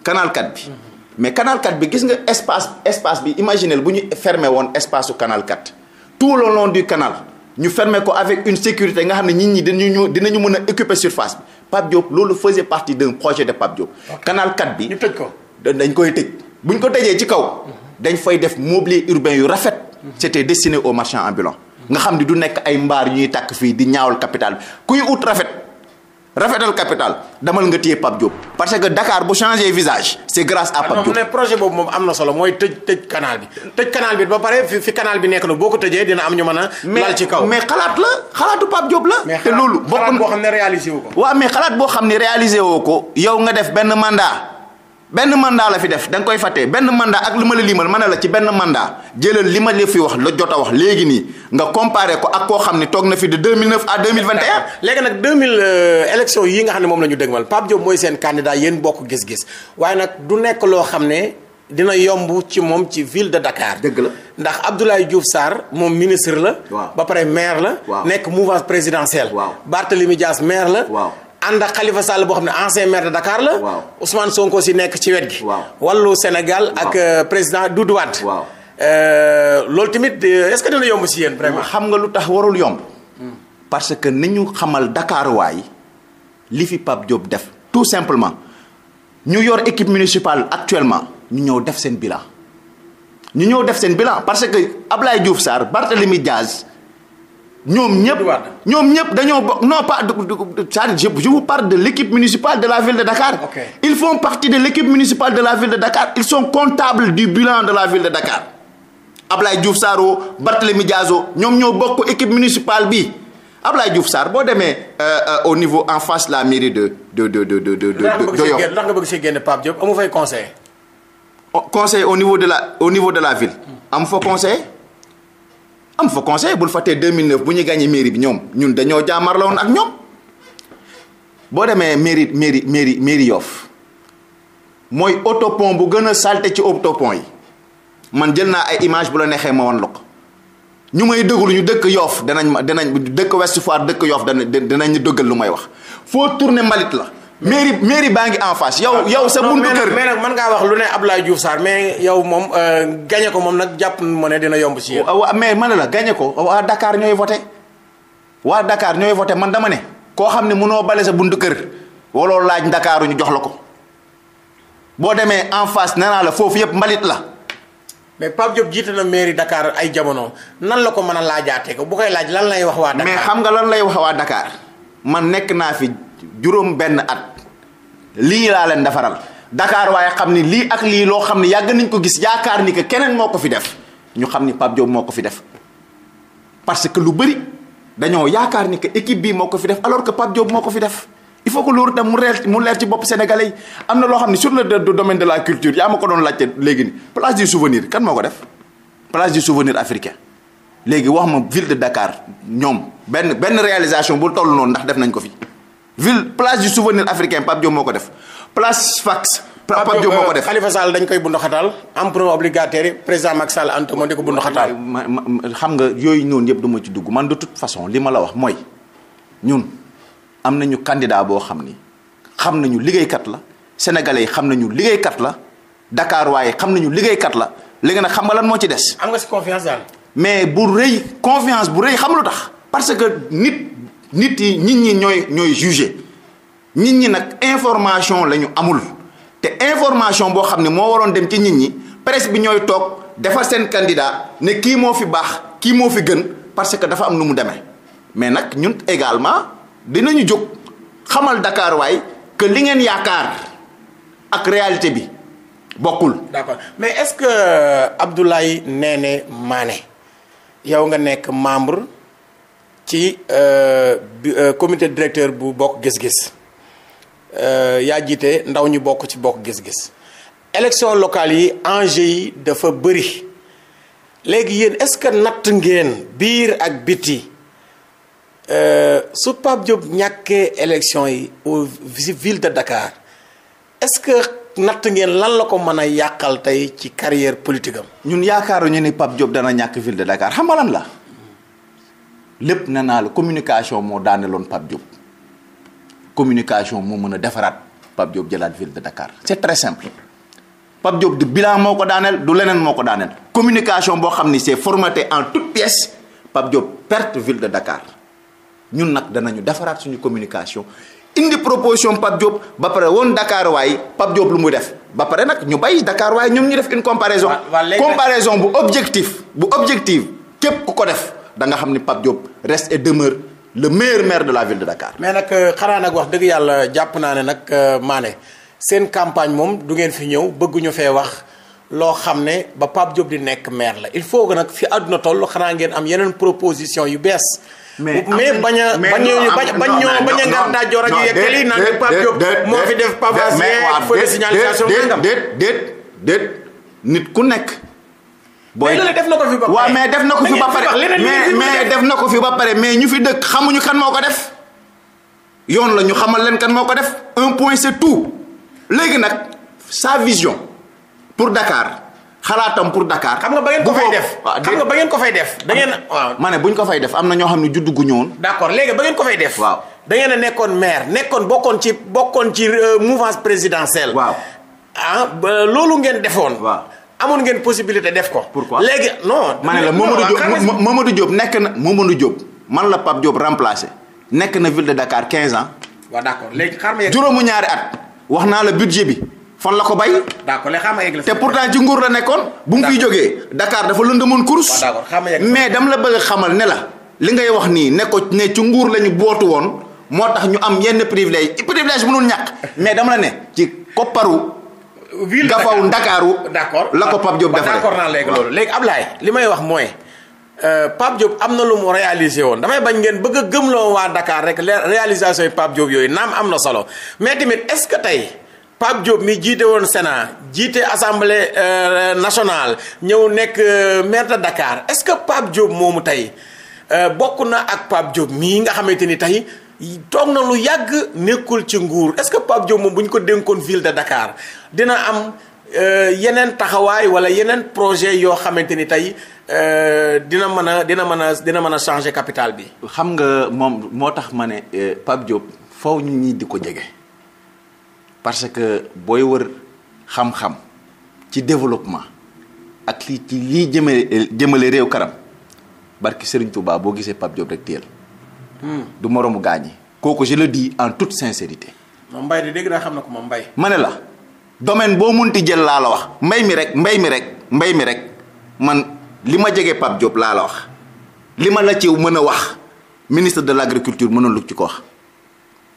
canal 4 bi. Mm-hmm. mais canal bi gis nga espace espace bi imaginez bu ñu fermé woon espace su canal 4 tout le long du canal ñu fermé ko avec une sécurité nga xam ne nit ñi dinañu dinañu mën a occuper surface bi Pape Diop loolu faisait partie d'un projet de Pape Diop. canal 4 bi ñu tëj ko. dañ koy tëj bu ñu ko tëjee ci kaw. Mm-hmm. dañ fay def mobilier urbain yu rafet. c'était destiné aux marchands ambulants nga xam ni du nekk ay mbaar ñuy takk fii di ñaawal capital bi kuy ut rafet rafetal capital damal nga téye Pape Diop parce que dakaar bu changé visage c'est grâce à ah Pape Diop. projet boobu moom am na solo mooy tëj tëj canal bi tëj canal bi ba pare fi fi bi nekk na boo ko tëjee dina am ñu mën a. lal ci kaw mais xalaat la xalaatu Pape Diop la. te loolu bokk na xam ne réalisé wu ko. waaw mais xalaat boo xam ne réaliser woo ko yow nga def benn mandat. benn mandat la fi def da koy fàtte benn mandat ak li ma la limal ma la ci benn mandat jëlal li ma la fi wax la jot a wax léegi nii nga comparé ko ak koo xam ne toog na fi de 2009 à 2021. léegi nag 2000 euh, élection yi nga xam ne moom la ñu dégmal Pape Diop mooy seen candidat yéen bokk gis-gis waaye nag du nekk loo xam ne dina yomb ci moom ci ville de Dakar. dëgg la ndax Abdoulaye Diouf saar moom ministre la. ba pare maire la. nekk mouvance présidentielle. waaw Barthélémy Dias maire la. waaw ànd ak Khalifa Sall boo xam ne ancien maire de Dakar la. waaw Ousmane Sonko si nekk ci wet gi. waaw wàllu Sénégal ak euh, président Doudou Wade. waaw euh, loolu tamit euh, est-ce que dina yomb si yéen vraiment. xam nga lu tax warul yomb. Hmm. parce que ni ñu xamal Dakar waay li fi Pape Diop def tout simplement ñu yor équipe municipale actuellement ñu ñëw def seen bilan. ñu ñëw def seen bilan parce que Ablaye Diouf Sarr Barthélémy Diaz. ñoom ñëpp ñoom ñëpp dañoo bokk non pas c'est-à-dire je vous parle de l'équipe municipale de la ville de Dakar. Okay. ils font partie de l'équipe municipale de la ville de Dakar ils sont comptables du bilan de la ville de Dakar Ablaye Diouf Sarro Barthélémy Diazo ñoom ñoo bokk équipe municipale bi Ablaye Diouf Sarr boo demee euh, euh, au niveau en face la mairie de de de de de de. Yoff ndax nga bëgg si génn Pape Diop amu fay conseil. Oh, conseil au niveau de la au niveau de la ville. am fa conseil. am fa conseil bul fàttee 2009 bu ñu gagné mairie bi ñoom ñun dañoo jaamarla woon ak ñoom boo demee mairie mairie mairie mairie Yoff mooy autopont bu gën a salte ci autopont yi man jël naa ay image bu la neexee ma wan lok ñu may dëggul ñu dëkk Yoff danañ ma danañ dëkk Ouest Foire dëkk Yoff danañ danañ dëggal lu may wax foo tourné mbalit la mairie mairie baa ngi en face yow ah, yow sa buntu kër mais nag mën ngaa wax lu ne Abdoulaye Diouf Sarr mais yow moom euh, gañe ko moom nag jàpp ma ne dina yomb si yéen. mais man la gagné ko waa Dakar ñooy voté waa Dakar ñooy voté man dama ne. koo xam ne mënoo bale sa buntu kër waloo laaj Dakar ñu jox la ko boo demee en face nee naa la foofu yëpp mbalit la. mais Pape Diop jiite na mairie Dakar ay jamono nan la ko mën a laajaatee ko bu koy laaj lan lay wax xam nga lan lay wax waa Dakar man nekk naa fi. juróom benn at lii laa leen defaral Dakar waaye xam ni lii ak lii loo xam ni yàgg nañ ko gis yaakaar ni que keneen moo ko fi def ñu xam ni Pape Diop moo ko fi def parce que lu bëri dañoo yaakaar ni que équipe bii moo ko fi def alors que Pape Diop moo ko fi def il faut que loolu tam mu leer mu leer ci bopp sénégalais yi am na loo xam ne sur le domaine de la culture yaa ma ko doon laajte léegi ni place du souvenir kan moo ko def place du souvenir africain léegi wax ma ville de Dakar ñoom benn benn réalisation bu toll noonu ndax def nañ ko fi ville du souvenir africain Pape Diop moo ko def place fax euh, koy bund xataal emprunt obligataire président Macky Sall ant moo di ko bund xataal xam nga yooyu noonu yëpp ci dugg man de toute façon li ma la wax mooy ñun am boo xam ni xam nañu liggéeykat la sénégalais yi xam nañu liggéeykat la Dakar waaye xam nañu liggéeykat la léegi nag xam nga lan moo ci des. am nga si confiance daal. mais bu bu rëy xam lu tax parce que nit. nit yi nit ñi ñooy ñooy jugé nit ñi nag information la ñu amul te information boo xam ne moo waroon dem ci nit ñi presse bi ñooy toog defar seen candidat ne kii moo fi baax kii moo fi gën parce que dafa am nu mu demee mais nag ñun également dinañu jóg xamal Dakar waay que li ngeen yaakaar ak réalité bi bokkul. d'accord mais est-ce que euh, Abdoulaye Néné Mané yow nga nekk membre. ci euh, euh, commité directeur bu bokk gis-gis euh, yaa jiite ndaw ñu bokk ci bokk gis-gis élection locale yi enjeu yi dafa bëri léegi yéen est-ce que natt ngeen biir ak biti su Pape Diop ñàkkee élection yi au ville de Dakar est-ce que natt ngeen lan la ko mën a yàqal tey ci carrière politique am. ñun yaakaaruñu ni Pape Diop dana ñàkk ville de Dakar xam nga lan la. lépp na naa la communication moo daaneloon Pape Diop communication moo mën a defaraat Pape Diop jëlaat ville de Dakar c'est très simple Pape Diop du moo ko daaneel du leneen moo ko daaneel communication boo xam ni c'est formaté en toutes pièces Pape Diop perte ville de Dakar ñun nag danañu defaraat suñu communication indi proposition Pape Diop ba pare woon Dakar waay Pape Diop lu mu def ba pare nag ñu bay dakaar waaye ñoom ñu def une comparaison comparaison bu objectif bu objectif képp ku ko def da nga xam ni Pape Diop reste et demeure le meilleur maire de la ville de Dakar. mais nag euh, xanaa nag wax dëgg yàlla jàpp naa ne nag euh, maane seen campagne moom du ngeen fi ñëw bëgguñu fee wax loo xam ne ba Pape job di nekk maire la il faut que nag fi àdduna toll xanaa ngeen am yeneen proposition yu bees. mais bañ a bañ ñoo bañ ñoo bañ a ngar daajoo rajo yekkali naan Pape moo fi def pavage feu de signalisation déet déet déet nit ku nekk. booy def na ko fi ba mais def na ko fi ba pare mais mais def na ko fi ba pare mais ñu fi dëkk xamuñu kan moo ko def yoon la ñu xamal leen kan moo ko def un point c'est tout léegi nag sa vision pour Dakar xalaatam pour dakaar xam nga ba ngeen ko fay def xam ba ngeen ko fay def. da ngeen waaw ma ne bu ñu ko fay def am na ñoo xam ne juddu gu ñëwoon. d'accord léegi ba ngeen ko fay def. waaw da ngeen a nekkoon maire nekkoon bokkoon ci bokkoon ci euh, mouvance présidentielle. waaw ah loolu ngeen defoon. waaw amoon ngeen possibilité def ko. pourquoi léegi non. ma ne la Mamadou Diop Mamadou Diop nekk na Mamadou Diop man la Pape Diop remplacé nekk na ville de Dakar quinze ans. waaw d'accord léegi xaaral ma ñaari at wax naa la budget bi fan la ko bay. d'accord léegi xaaral ma yegg la te pourtant ci nguur la nekkoon. bu mu fiy jógee Dakar dafa lëndëmoon course. waaw d'accord mais dama la bëgg xamal ne la li ngay wax nii ne ko ne ci nguur la ñu bootu woon moo tax ñu am yenn privilège privilège mënul ñàkk mais dama la ne ci kopparu. ville gafaw ndakaaru d' accord la ko Pape Diop defaree d' accord léegi loolu léegi li may wax mooy euh, Pape Diop am na lu mu réalisé woon damay bañ ngeen bëgg a gëmloo waa dakaar rek réalisation yi Pape Diop yooyu naam am na solo mais tamit est ce que tey Pape Diop mi jiite woon Sénat jiite assemblée euh, national ñëw nekk euh, maire de Dakar est ce que Pape Diop moomu tey bokk na ak Pape Diop mii nga xamante ni tey toog na lu yàgg nekkul ci nguur est ce que Pape Diop moom bu ñu ko dénkoon ville de Dakar dina am euh, yeneen taxawaay wala yeneen projet yoo xamante ni tey euh, dina mën a dina mën a dina mën a changer capital bi. xam nga moom moo tax ma ne euh, Pape Diop faw ñu ñii di ko jege parce que booy wër xam-xam ci développement ak lii ci lii jëmale jëmale réew kanam barki Serigne Touba boo gisee Pape Diop rek teel. Hmm. du moromu gaañi. kooku je le en toute sincérité. moom Mbaye de dégg naa xam na ko moom mbay ma ne la. domaine boo munti jël laa la wax mbay mi rek mbay mi rek mbay mi rek man li ma jege Pape Diop laa la wax li ma la ci mën a wax ministre de l' agriculture mënoon lu ci ko wax.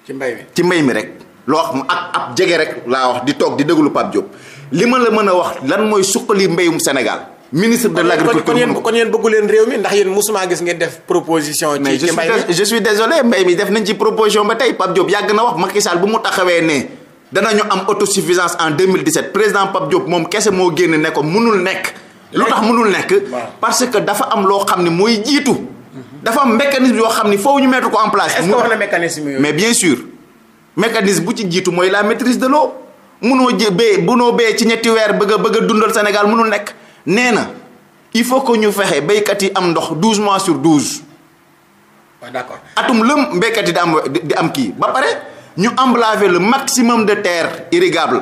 ci mbay mi ci mbay mi rek. loo wax mu ak ab jege rek laa wax di toog di déglu Pape Diop li ma la mën a wax lan mooy suqali mbéyum Sénégal. ministre de l' agriculture kon kon yéen bëggu leen réew mi ndax yéen musuma gis ngeen def proposition. ci mbay mi mbay mi def nañ ci proposition ba tey Pape Diop yàgg na wax ma Sall bu mu taxawee ne. dana ñu am autosuffisance en 2017 président Pape Diop moom kese moo génn ne ko mënul nekk. lu tax mënul nekk. parce que dafa am loo xam ne mooy jiitu. dafa am mécanisme yoo xam ni foo ñu mettre ko en place. est-ce que wax na mécanisme yooyu mais bien sûr mécanisme bu ci jiitu mooy la maîtrise de loo munoo jë bee bunoo bee ci ñetti weer bëgg a bëgg dundal Sénégal mënul nekk nee na il faut que ñu fexe béykat yi am ndox 12 mois sur 12. waaw d'accord atum lëm béykat yi di am di am kii ba pare. ñu emblaver le maximum de terre irrigable.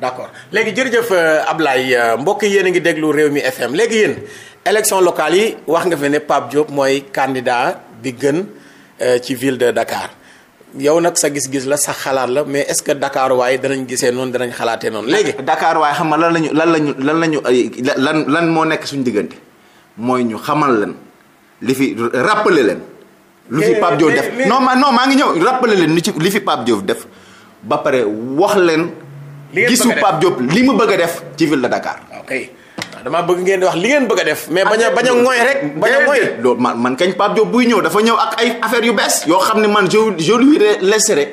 d'accord léegi jërëjëf euh, Ablaye euh, mbokk yéen a ngi déglu réew mi FM léegi yéen élection locale yi wax nga fi ne Pape Diop mooy candidat bi gën euh, ci ville de Dakar yow nag sa gis-gis la sa xalaat la mais est-ce que Dakar waaye danañ gisee noonu danañ xalaatee noonu léegi. Ah, Dakar waaye xam nga lan lañu lan lañu lan lañu lan lan moo nekk suñu diggante mooy ñu xamal leen li fi rappeler leen. lu fi eh, Pape Diouf def non ma non maa ngi ñëw rappelé leen lu ci li fi Pape Diouf def ba pare wax leen. gisu Pape Diouf li mu bëgg a def ci ville de Dakar. ok damaa bëgg ngeen di wax li ngeen bëgg a def. mais bañ a bañ a rek. bañ a ngooy loolu man man kañ Pape Diouf buy ñëw dafa ñëw ak ay affaires yu bees. yoo xam ne man jo je lui lestere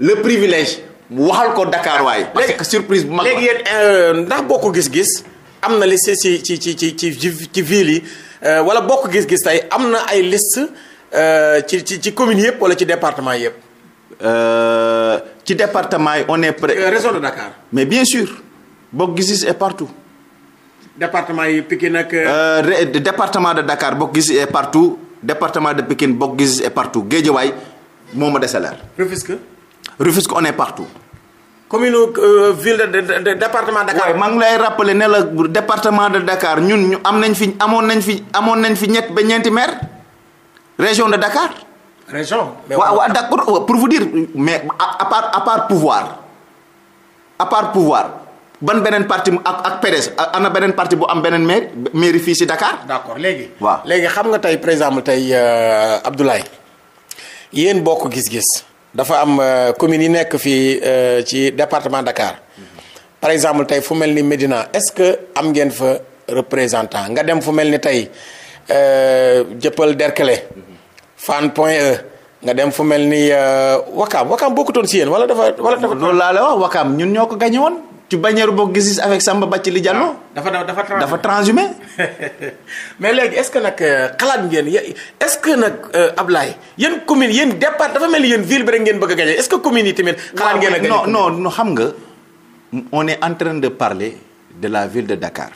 le privilège. mu waxal ko Dakar waaye. Ah, parce que surprise bu mag léegi yéen euh, ndax bokk gis-gis. am na liste ci ci ci ci ci ci ville yi euh, wala bokk gis-gis tey am na ay liste. Euh, ci ci ci commune yëpp wala ci département yëpp. Euh, ci département yi on est prêt. Euh, région de Dakar. mais bien sur Bokk Gis-Gis est partout. département yi Pikine ak. département de Dakar Bokk Gis-Gis partout département de Pikine Bokk Gis-Gis partout Guédiawaye moo ma dese leer. Rufisque. Rufisque on est partout. commune ville de département Dakar. waaw maa ngi lay rappeler ne la département de Dakar ñun ñu am nañ fi amoon nañ fi amoon nañ fi ñett ba ñeenti maire. région de Dakar. région mais waaw waaw d'accord pour vous dire mais à part à pouvoir à part pouvoir ban beneen parti mu ak ak PDS ana beneen parti bu am beneen mairie mairie fii si Dakar. d'accord léegi. waaw léegi xam nga tey par exemple tey euh, Abdoulaye yéen bokk gis-gis. dafa am euh, communes yu nekk fii euh, ci département Dakar mhm. par exemple tey fu mel ni Médina est-ce que am ngeen fa représentant nga dem fu mel ni tey Jëppal Derkele. Mhm. fan point E nga dem fu mel ni euh, Wakaam Wakaam bokkutoon si yéen wala dafa wala dafa. loolu laa la wax Wakaam ñun ñoo ko gagné woon ci bannière boo gis avec Samba Bathily Diallo. Ah, dafa dafa dafa transhumé. [laughs] mais léegi est-ce que nag euh, xalaat ngeen est-ce que nag euh, Ablaye yéen commune yéen départ dafa mel ni yéen ville bi rek ngeen bëgg a gagné est-ce que commune yi tamit. xalaat ngeen a gagné non non non xam nga. on est en train de parler de la ville de Dakar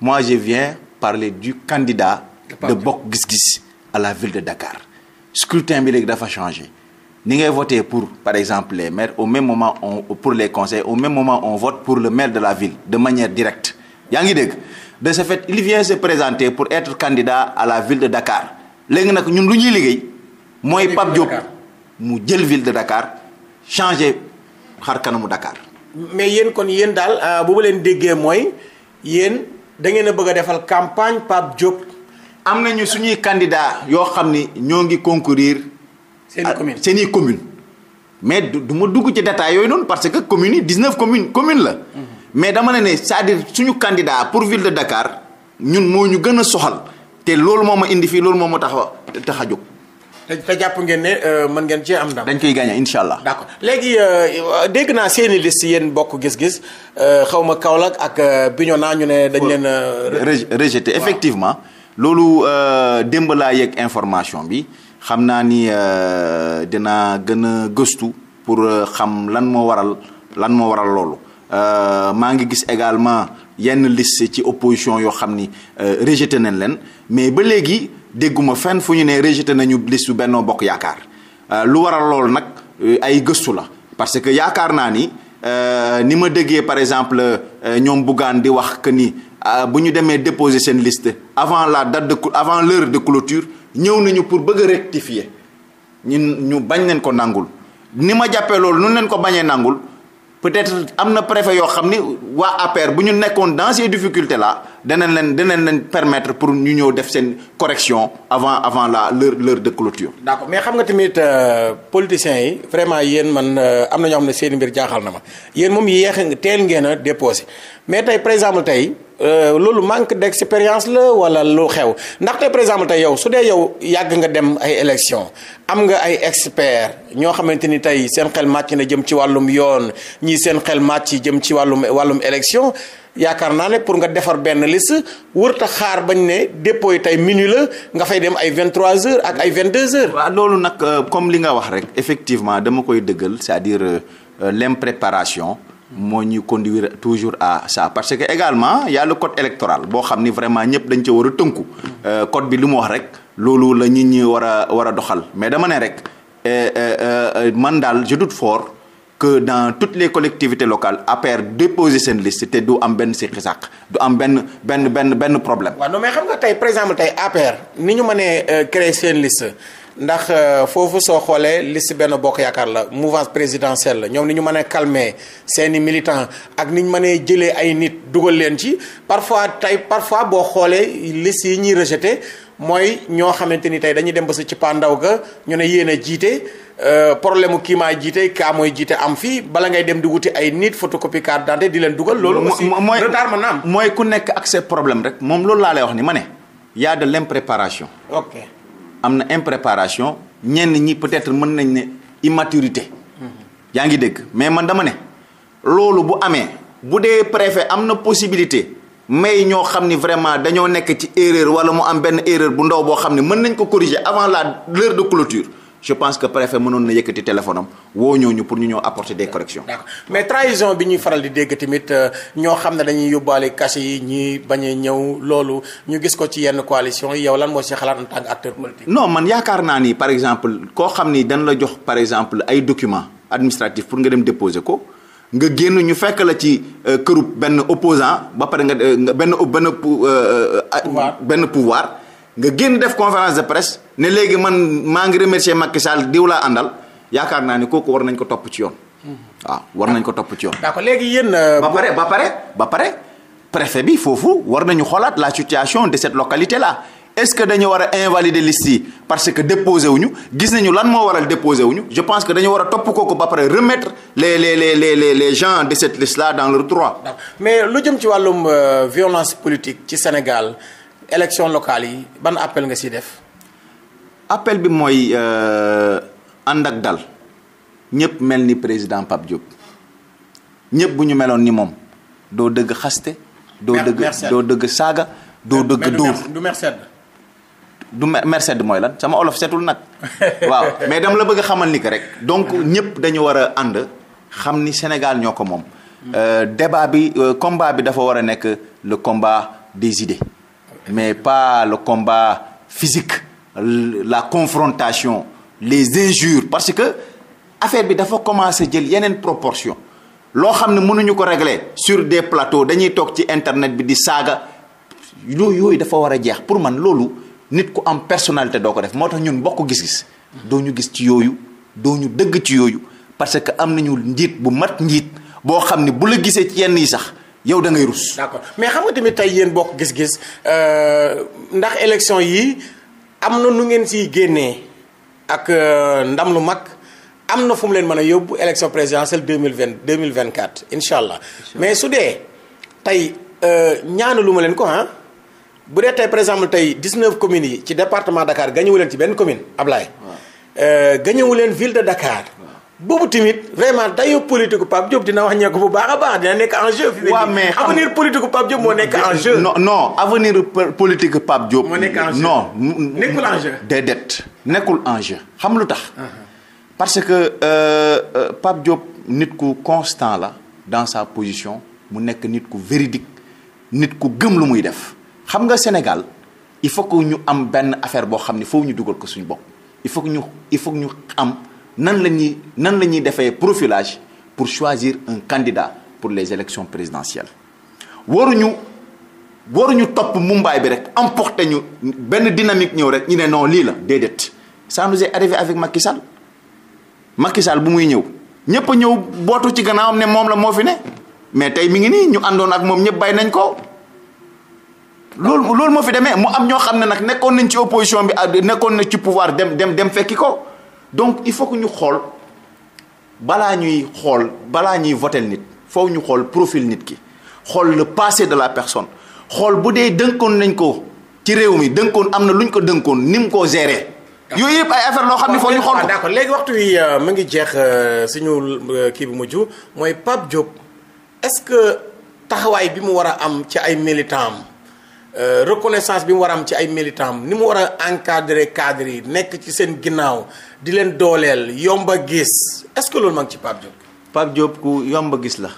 moi je viens parler du candidat. de Bokk Gis Gis. à la ville de Dakar scrutin bi léegi dafa changé ni ngay voté pour par exemple les maires au même moment on pour les conseils au même moment on vote pour le maire de la ville de manière directe yaa ngi dégg de ce fait il vient se présenter pour être candidat à la ville de Dakar léegi nag ñun lu ñuy liggéey mooy Pape Diop mu jël ville de Dakar changer xar kanamu Dakar. mais yéen kon yéen daal euh, bu ma leen déggee mooy yéen da ngeen bëgg a defal campagne Pape Diop am nañu suñuy candidat yoo xam ni ñoo ngi concourir. seen i commune seen i commune mais du ma dugg ci détail yooyu noonu parce que commune yi 19 communes commune la. Mhm. mais dama ne ne c'est-à-dire suñu candidat pour ville de Dakar ñun moo ñu gën a soxal te loolu moo ma indi fii loolu moo ma tax a tax a jóg. te jàpp ngeen ne euh, man ngeen cee am ndax dañ koy gagné incha allah. d' accord léegi euh, dégg naa seeni liste yéen bokk gis-gis euh, xaw ma Kaolack ak naa ñu ne dañ leen. rejeté effectivement. loolu euh, démb laa yegg information bi xam naa ni euh, dinaa gën a gëstu pour euh, xam lan moo waral lan moo waral loolu maa ngi gis également yenn liste ci opposition yoo xam ni rejeté nañ leen mais ba léegi dégguma fenn fu ñu ne rejeté nañu liste bu Benno Bokk Yaakaar lu waral loolu nag ay gëstu la parce que yaakaar naa ni ni ma déggee par exemple ñoom Bougane di wax que ni. Euh, bu ñu demee déposer seen liste avant la date de avant l'heure de clôture ñëw nañu pour bëgg a rectifier ñun ñu bañ leen ko nangul ni ma jàppee loolu nu leen ko bañee nangul peut-être am na préfet yoo xam ni waa APR bu ñu nekkoon dans ces difficultés là danañ leen danañ leen permettre pour ñu ñëw def seen correction avant avant la leur l'heure de clôture. d'accord mais xam nga tamit euh, politiciens yi vraiment yéen man euh, am na ñoo xam ne seen mbir jaaxal na ma yéen moom yéex a teel ngeen a déposé mais tey par exemple tey. Euh, loolu manque d'expérience la wala lu xew ndax tey par exemple tey yow su dee yow yàgg nga dem ay élection am nga ay expert ñoo xamante ni tey seen xel màcc na jëm ci wàllum yoon ñii seen xel màcc jëm ci wàllum wàllum élection yaakaar naa ne pour nga defar benn liste wërta xaar bañ ne dépôt yi tey minuit la nga fay dem ay vingt 23 heures ak ay vingt 22 heures. waaw loolu nag euh, comme li nga wax rek effectivement dama koy dëggal c'est-à-dire euh, euh, préparation moo ñu conduire toujours à ça parce que également y a code électoral boo xam ni vraiment ñëpp dañ ca war a tënku. code bi lu mu wax rek loolu la nit ñi war a war a doxal mais dama ne rek man daal je foor que dans toutes les collectivités locales APR déposer seen liste te du am benn siqi sàq du am benn benn benn benn problème. waaw non mais xam nga tey par exemple tey APR ni ñu mënee euh, créer seen liste. ndax euh, foofu soo xoolee liste benn bokk yaakaar la mouvance présidentielle la ñoom ni ñu mën a calmer seeni militants ak ni ñu mënee jëlee ay nit dugal leen ci parfois tey parfois boo xoolee liste yi ñuy rejeté mooy ñoo xamante ni tey dañuy dem ba sa ci pandaw ga yéen a jiite. Euh, problème kii maa jiite kaa mooy jiite am fii bala ngay dem di wuti ay nit photocopie carte d'identité di leen dugal. loolu aussi retard mën na am mooy ku nekk ak ses problème rek moom loolu laa lay wax ni ma ne. y a de l'impréparation. ok am na impréparation ñenn ñi peut-être mën nañ ne immaturité. Mhm. yaa ngi dégg mais man dama ne loolu bu amee bu dee préfet am na possibilité. mais ñoo xam ni vraiment dañoo nekk ci erreur wala mu am benn erreur bu ndaw boo xam ne mën nañ ko corriger avant la l'heure de clôture je pense que préfet mënoon na yëkkati téléphone am woo ñooñu pour ñu ñoo apporter des corrections. d'accord mais trahison bi ñuy faral di dégg tamit euh, ñoo xam ne dañuy yóbbaale cachet yi ñi bañ a ñëw loolu ñu gis ko ci yenn coalition yi yow lan moo si xalaat en tant que no man yaakaar naa ni par exemple koo xam ni dañ la jox par exemple ay documents administratifs pour nga dem déposer ko. nga génn ñu fekk la ci euh, këru benn opposant ba pare nga euh, benn benn benn pouvoir nga génn def conférence de presse ne léegi man maa ngi remercier Macky Sall diw laa àndal yaakaar naa ni kooku war nañ ko topp ci yoon. waaw war nañ ko topp ci yoon. d'accord léegi yéen. Euh, ba pare ba pare ba pare préfet bi foofu war nañu xoolaat la situation de cette localité là est-ce que dañu war a invalider liste yi parce que déposé wuñu gis nañu lan moo waral déposé wuñu je pense que dañu war a topp kooku ba pare remettre les les les le les gens de cette liste là dans leur droit. mais lu jëm ci wàllum euh, violence politique ci Sénégal. élection locale yi ban appel nga si def. appel bi mooy euh, ànd ak dal ñëpp mel ni président Pape Diop ñëpp bu ñu meloon ni moom doo dëgg xaste. doo dëgg doo dëgg saaga. doo dëgg dóor du mer sedd du mer mooy lan sama olof setul nag waaw mais dama la bëgg a xamal ni que rek donc ñëpp dañu war a ànd xam ni Sénégal ñoo ko moom. Euh, débat bi euh, combat bi dafa war a nekk le combat des idées. mais pas le combat physique la confrontation les injures parce que affaire bi dafa commencé jël yeneen proportion loo xam ne mënuñu ko régler sur des plateaux dañuy toog ci internet bi di saaga yooyu yooyu dafa war a jeex pour man loolu nit ku am personnalité doo ko def moo tax ñun bokk gis-gis doo ñu gis ci yooyu doo ñu dëgg ci yooyu parce que am nañu njiit bu mat njiit boo xam ne bu la gisee ci yenn yi sax yow dangay ngay rus. mais xam nga tamit tey yéen bokk gis-gis euh, ndax élection yi am na nu ngeen si génnee ak euh, ndam lu mag am na fu mu leen mën a yóbbu élection présidentielle deux mille vingt deux mille vingt quatre incha allah. mais su dee tey euh, ñaana lu ma leen ko ah bu dee tey par exemple tey dix neuf communes yi ci département Dakar gañewu leen ci benn commune Ablaye. gañewu leen ville de Dakar. boobu tamit vraiment dayo politique Pape Diop dina wax ñeeku bu baax a baax dina nekk en jeu. waaw mais avenir politique Pape Diop moo nekk en jeu. non non avenir politique Pape Diop. moo nekk en jeu non. nekkul en jeu déedéet nekkul en jeu xam lu tax. Uh-huh. parce que euh, euh, Pape Diop nit ku constant la dans sa position mu nekk nit ku véridique nit ku gëm lu muy def xam nga Sénégal il faut que ñu am benn affaire boo xam ne foofu ñu dugal ko suñu bopp il faut que ñu il faut que ñu am. nan la ñuy nan la ñuy defee profilage pour choisir un candidat pour les élections présidentielles waruñu waruñu topp mumbaay bi rek emporter ñu benn dynamique ñëw rek ñu ne non lii la déedéet ça nous est arrivé avec Macky Sall bu muy ñëw ñëpp a ñëw bootu ci gannaawam ne moom la moo fi ne mais tey mi ngi nii ñu àndoon ak moom ñëpp bay nañ ko. loolu loolu moo fi demee mu am ñoo xam ne nag nekkoon nañ ci opposition bi nekkoon na ci pouvoir dem dem dem fekki ko. donc il faut que ñu xool balaa ñuy xool balaa ñuy votel nit foofu ñu xool profil nit ki xool le passé de la personne xool bu dee dënkoon nañ ko ci réew mi dënkoon am na lu ñu ko dënkoon ni mu koo gérer. yooyu yëpp ay affaire loo xam ne foofu ñu xool ko ah, d'accord léegi waxtu wi euh, mu ngi jeex euh, suñu euh, kii bu mujj mooy Pape Diop est-ce que taxawaay bi mu war a am ci ay militant am Euh, reconnaissance bi mu war am ci ay militants ni mu war a encadrer cadres yi nekk ci seen ginnaaw di leen dooleel yomba gis est-ce que loolu ma ci Pape Diop. Pape Diop ku yomba gis la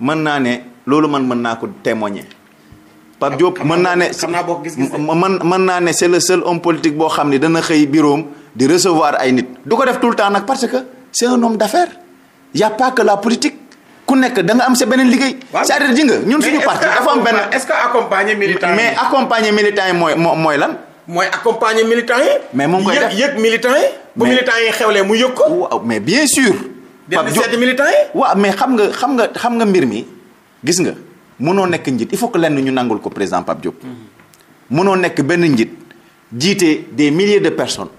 mën naa ne loolu man mën naa ko témoigner. Pape Diop mën naa ne xam boo gis gis man mën naa ne c'est le seul homme politique boo xam ne dana xëy bureau di recevoir ay nit. du ko def tout le temps nag parce que c'est un homme d'affaires a pas la politique. ku nekk da am sa beneen liggéey. c'est-à-dire nga ñun suñu parti dafa am benn est-ce que accompagner militant mais accompagner militant yi mooy mooy lan. mooy accompagner militant yi. mais moom koy def yëg militant yi. bu militant yi xewlee mu yëg ko. waaw mais bien sur Pape Diop militant yi. xam nga xam nga xam mbir mi gis nga mënoo nekk njit il faut que lenn ñu nangul ko président Pape Diop. Mhm. mënoo nekk benn njit jiite des milliers de personnes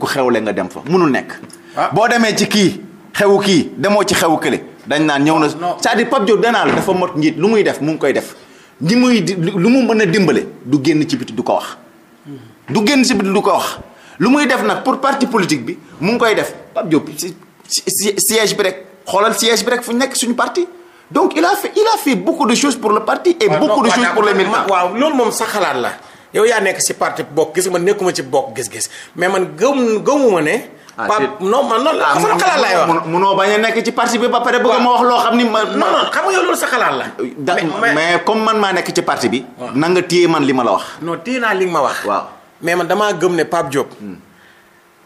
ku xewle nga dem fa mënul nekk. Ah. boo demee ci kii xew kii demoo ci xewu kële. dañ naan ñëw na c'est-à-dire Pape Diop dafa mot njiit lu muy def mu ngi koy def ñi muy lu mu mën a dimbale du génn ci biti du ko wax hmm. du génn ci biti du ko wax lu muy def nag pour parti politique bi mu ngi koy def Pape Diop siège bi rek xoolal siège bi rek fu nekk suñu parti donc il a fait il a de choses pour le parti et beaucoup de choses pour les militants waaw loolu moom sa xalaat la yow yaa nekk si parti bokk gis man nekkuma ci bokk gis-gis mais man gëm gëmuma ne ah la sama ah, xalaat munoo bañ a ci parti bi ba pare bëgg ma wax loo xam ni ma. non non xam nga loolu sa xalaat la. mais comme man maa nekk ci parti bi. nanga nga téye man li ma la wax. non téye naa li nga ma wax. waaw mais man damaa gëm ne Pape Diop. Hmm.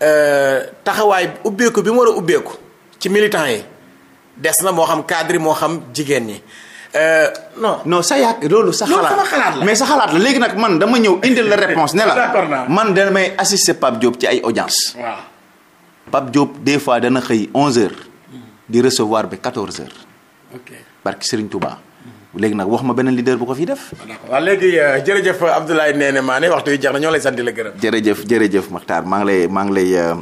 Euh, taxawaay ubbeeku bi mu war a ubbeeku ci militant yi des na moo xam cadre moo xam jigéen ñi. Euh, non non sa yàq loolu sa xalaat mais sa xalaat la léegi nag man dama ñëw indil la [laughs] réponse ne la man damay assister Pape Diop ci ay audience waaw Pape Diop des fois dana xëy 11h. di recevoir bi 14h. ok barki Serigne Touba. léegi nag wax ma beneen leader bu ko fii def. waa léegi euh, jërëjëf Abdoulaye Néné Mané waxtu yi jeex na ñoo lay sant la gërëm. jërëjëf jërëjëf Makhtar maa ngi lay maa ngi lay euh,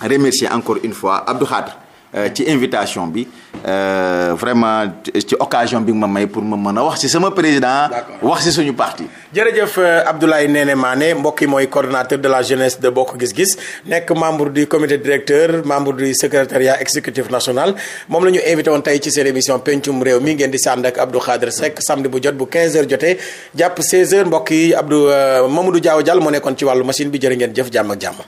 remercier encore une fois Abdou Khadre. Euh, ci invitation bi euh, vraiment ci occasion bi ma may pour ma mën a wax si sama président. wax si suñu parti. jërëjëf euh, Abdoulaye Néné Mané mbokk mbokki mooy coordonnateur de la jeunesse de Bokk Gis Gis nekk membre du comité directeur membre du secrétariat exécutif national moom la ñu invité woon tey ci seen émission pencum réew mi ngeen di sànd ak Abdou Khadre Seck samedi bu jot bu 15h jotee jàpp 16h mbokk yi Abdou Mamadou Diaw Diall moo nekkoon ci wàllu machine bi jërë ngeen jëf jàmm jàmm.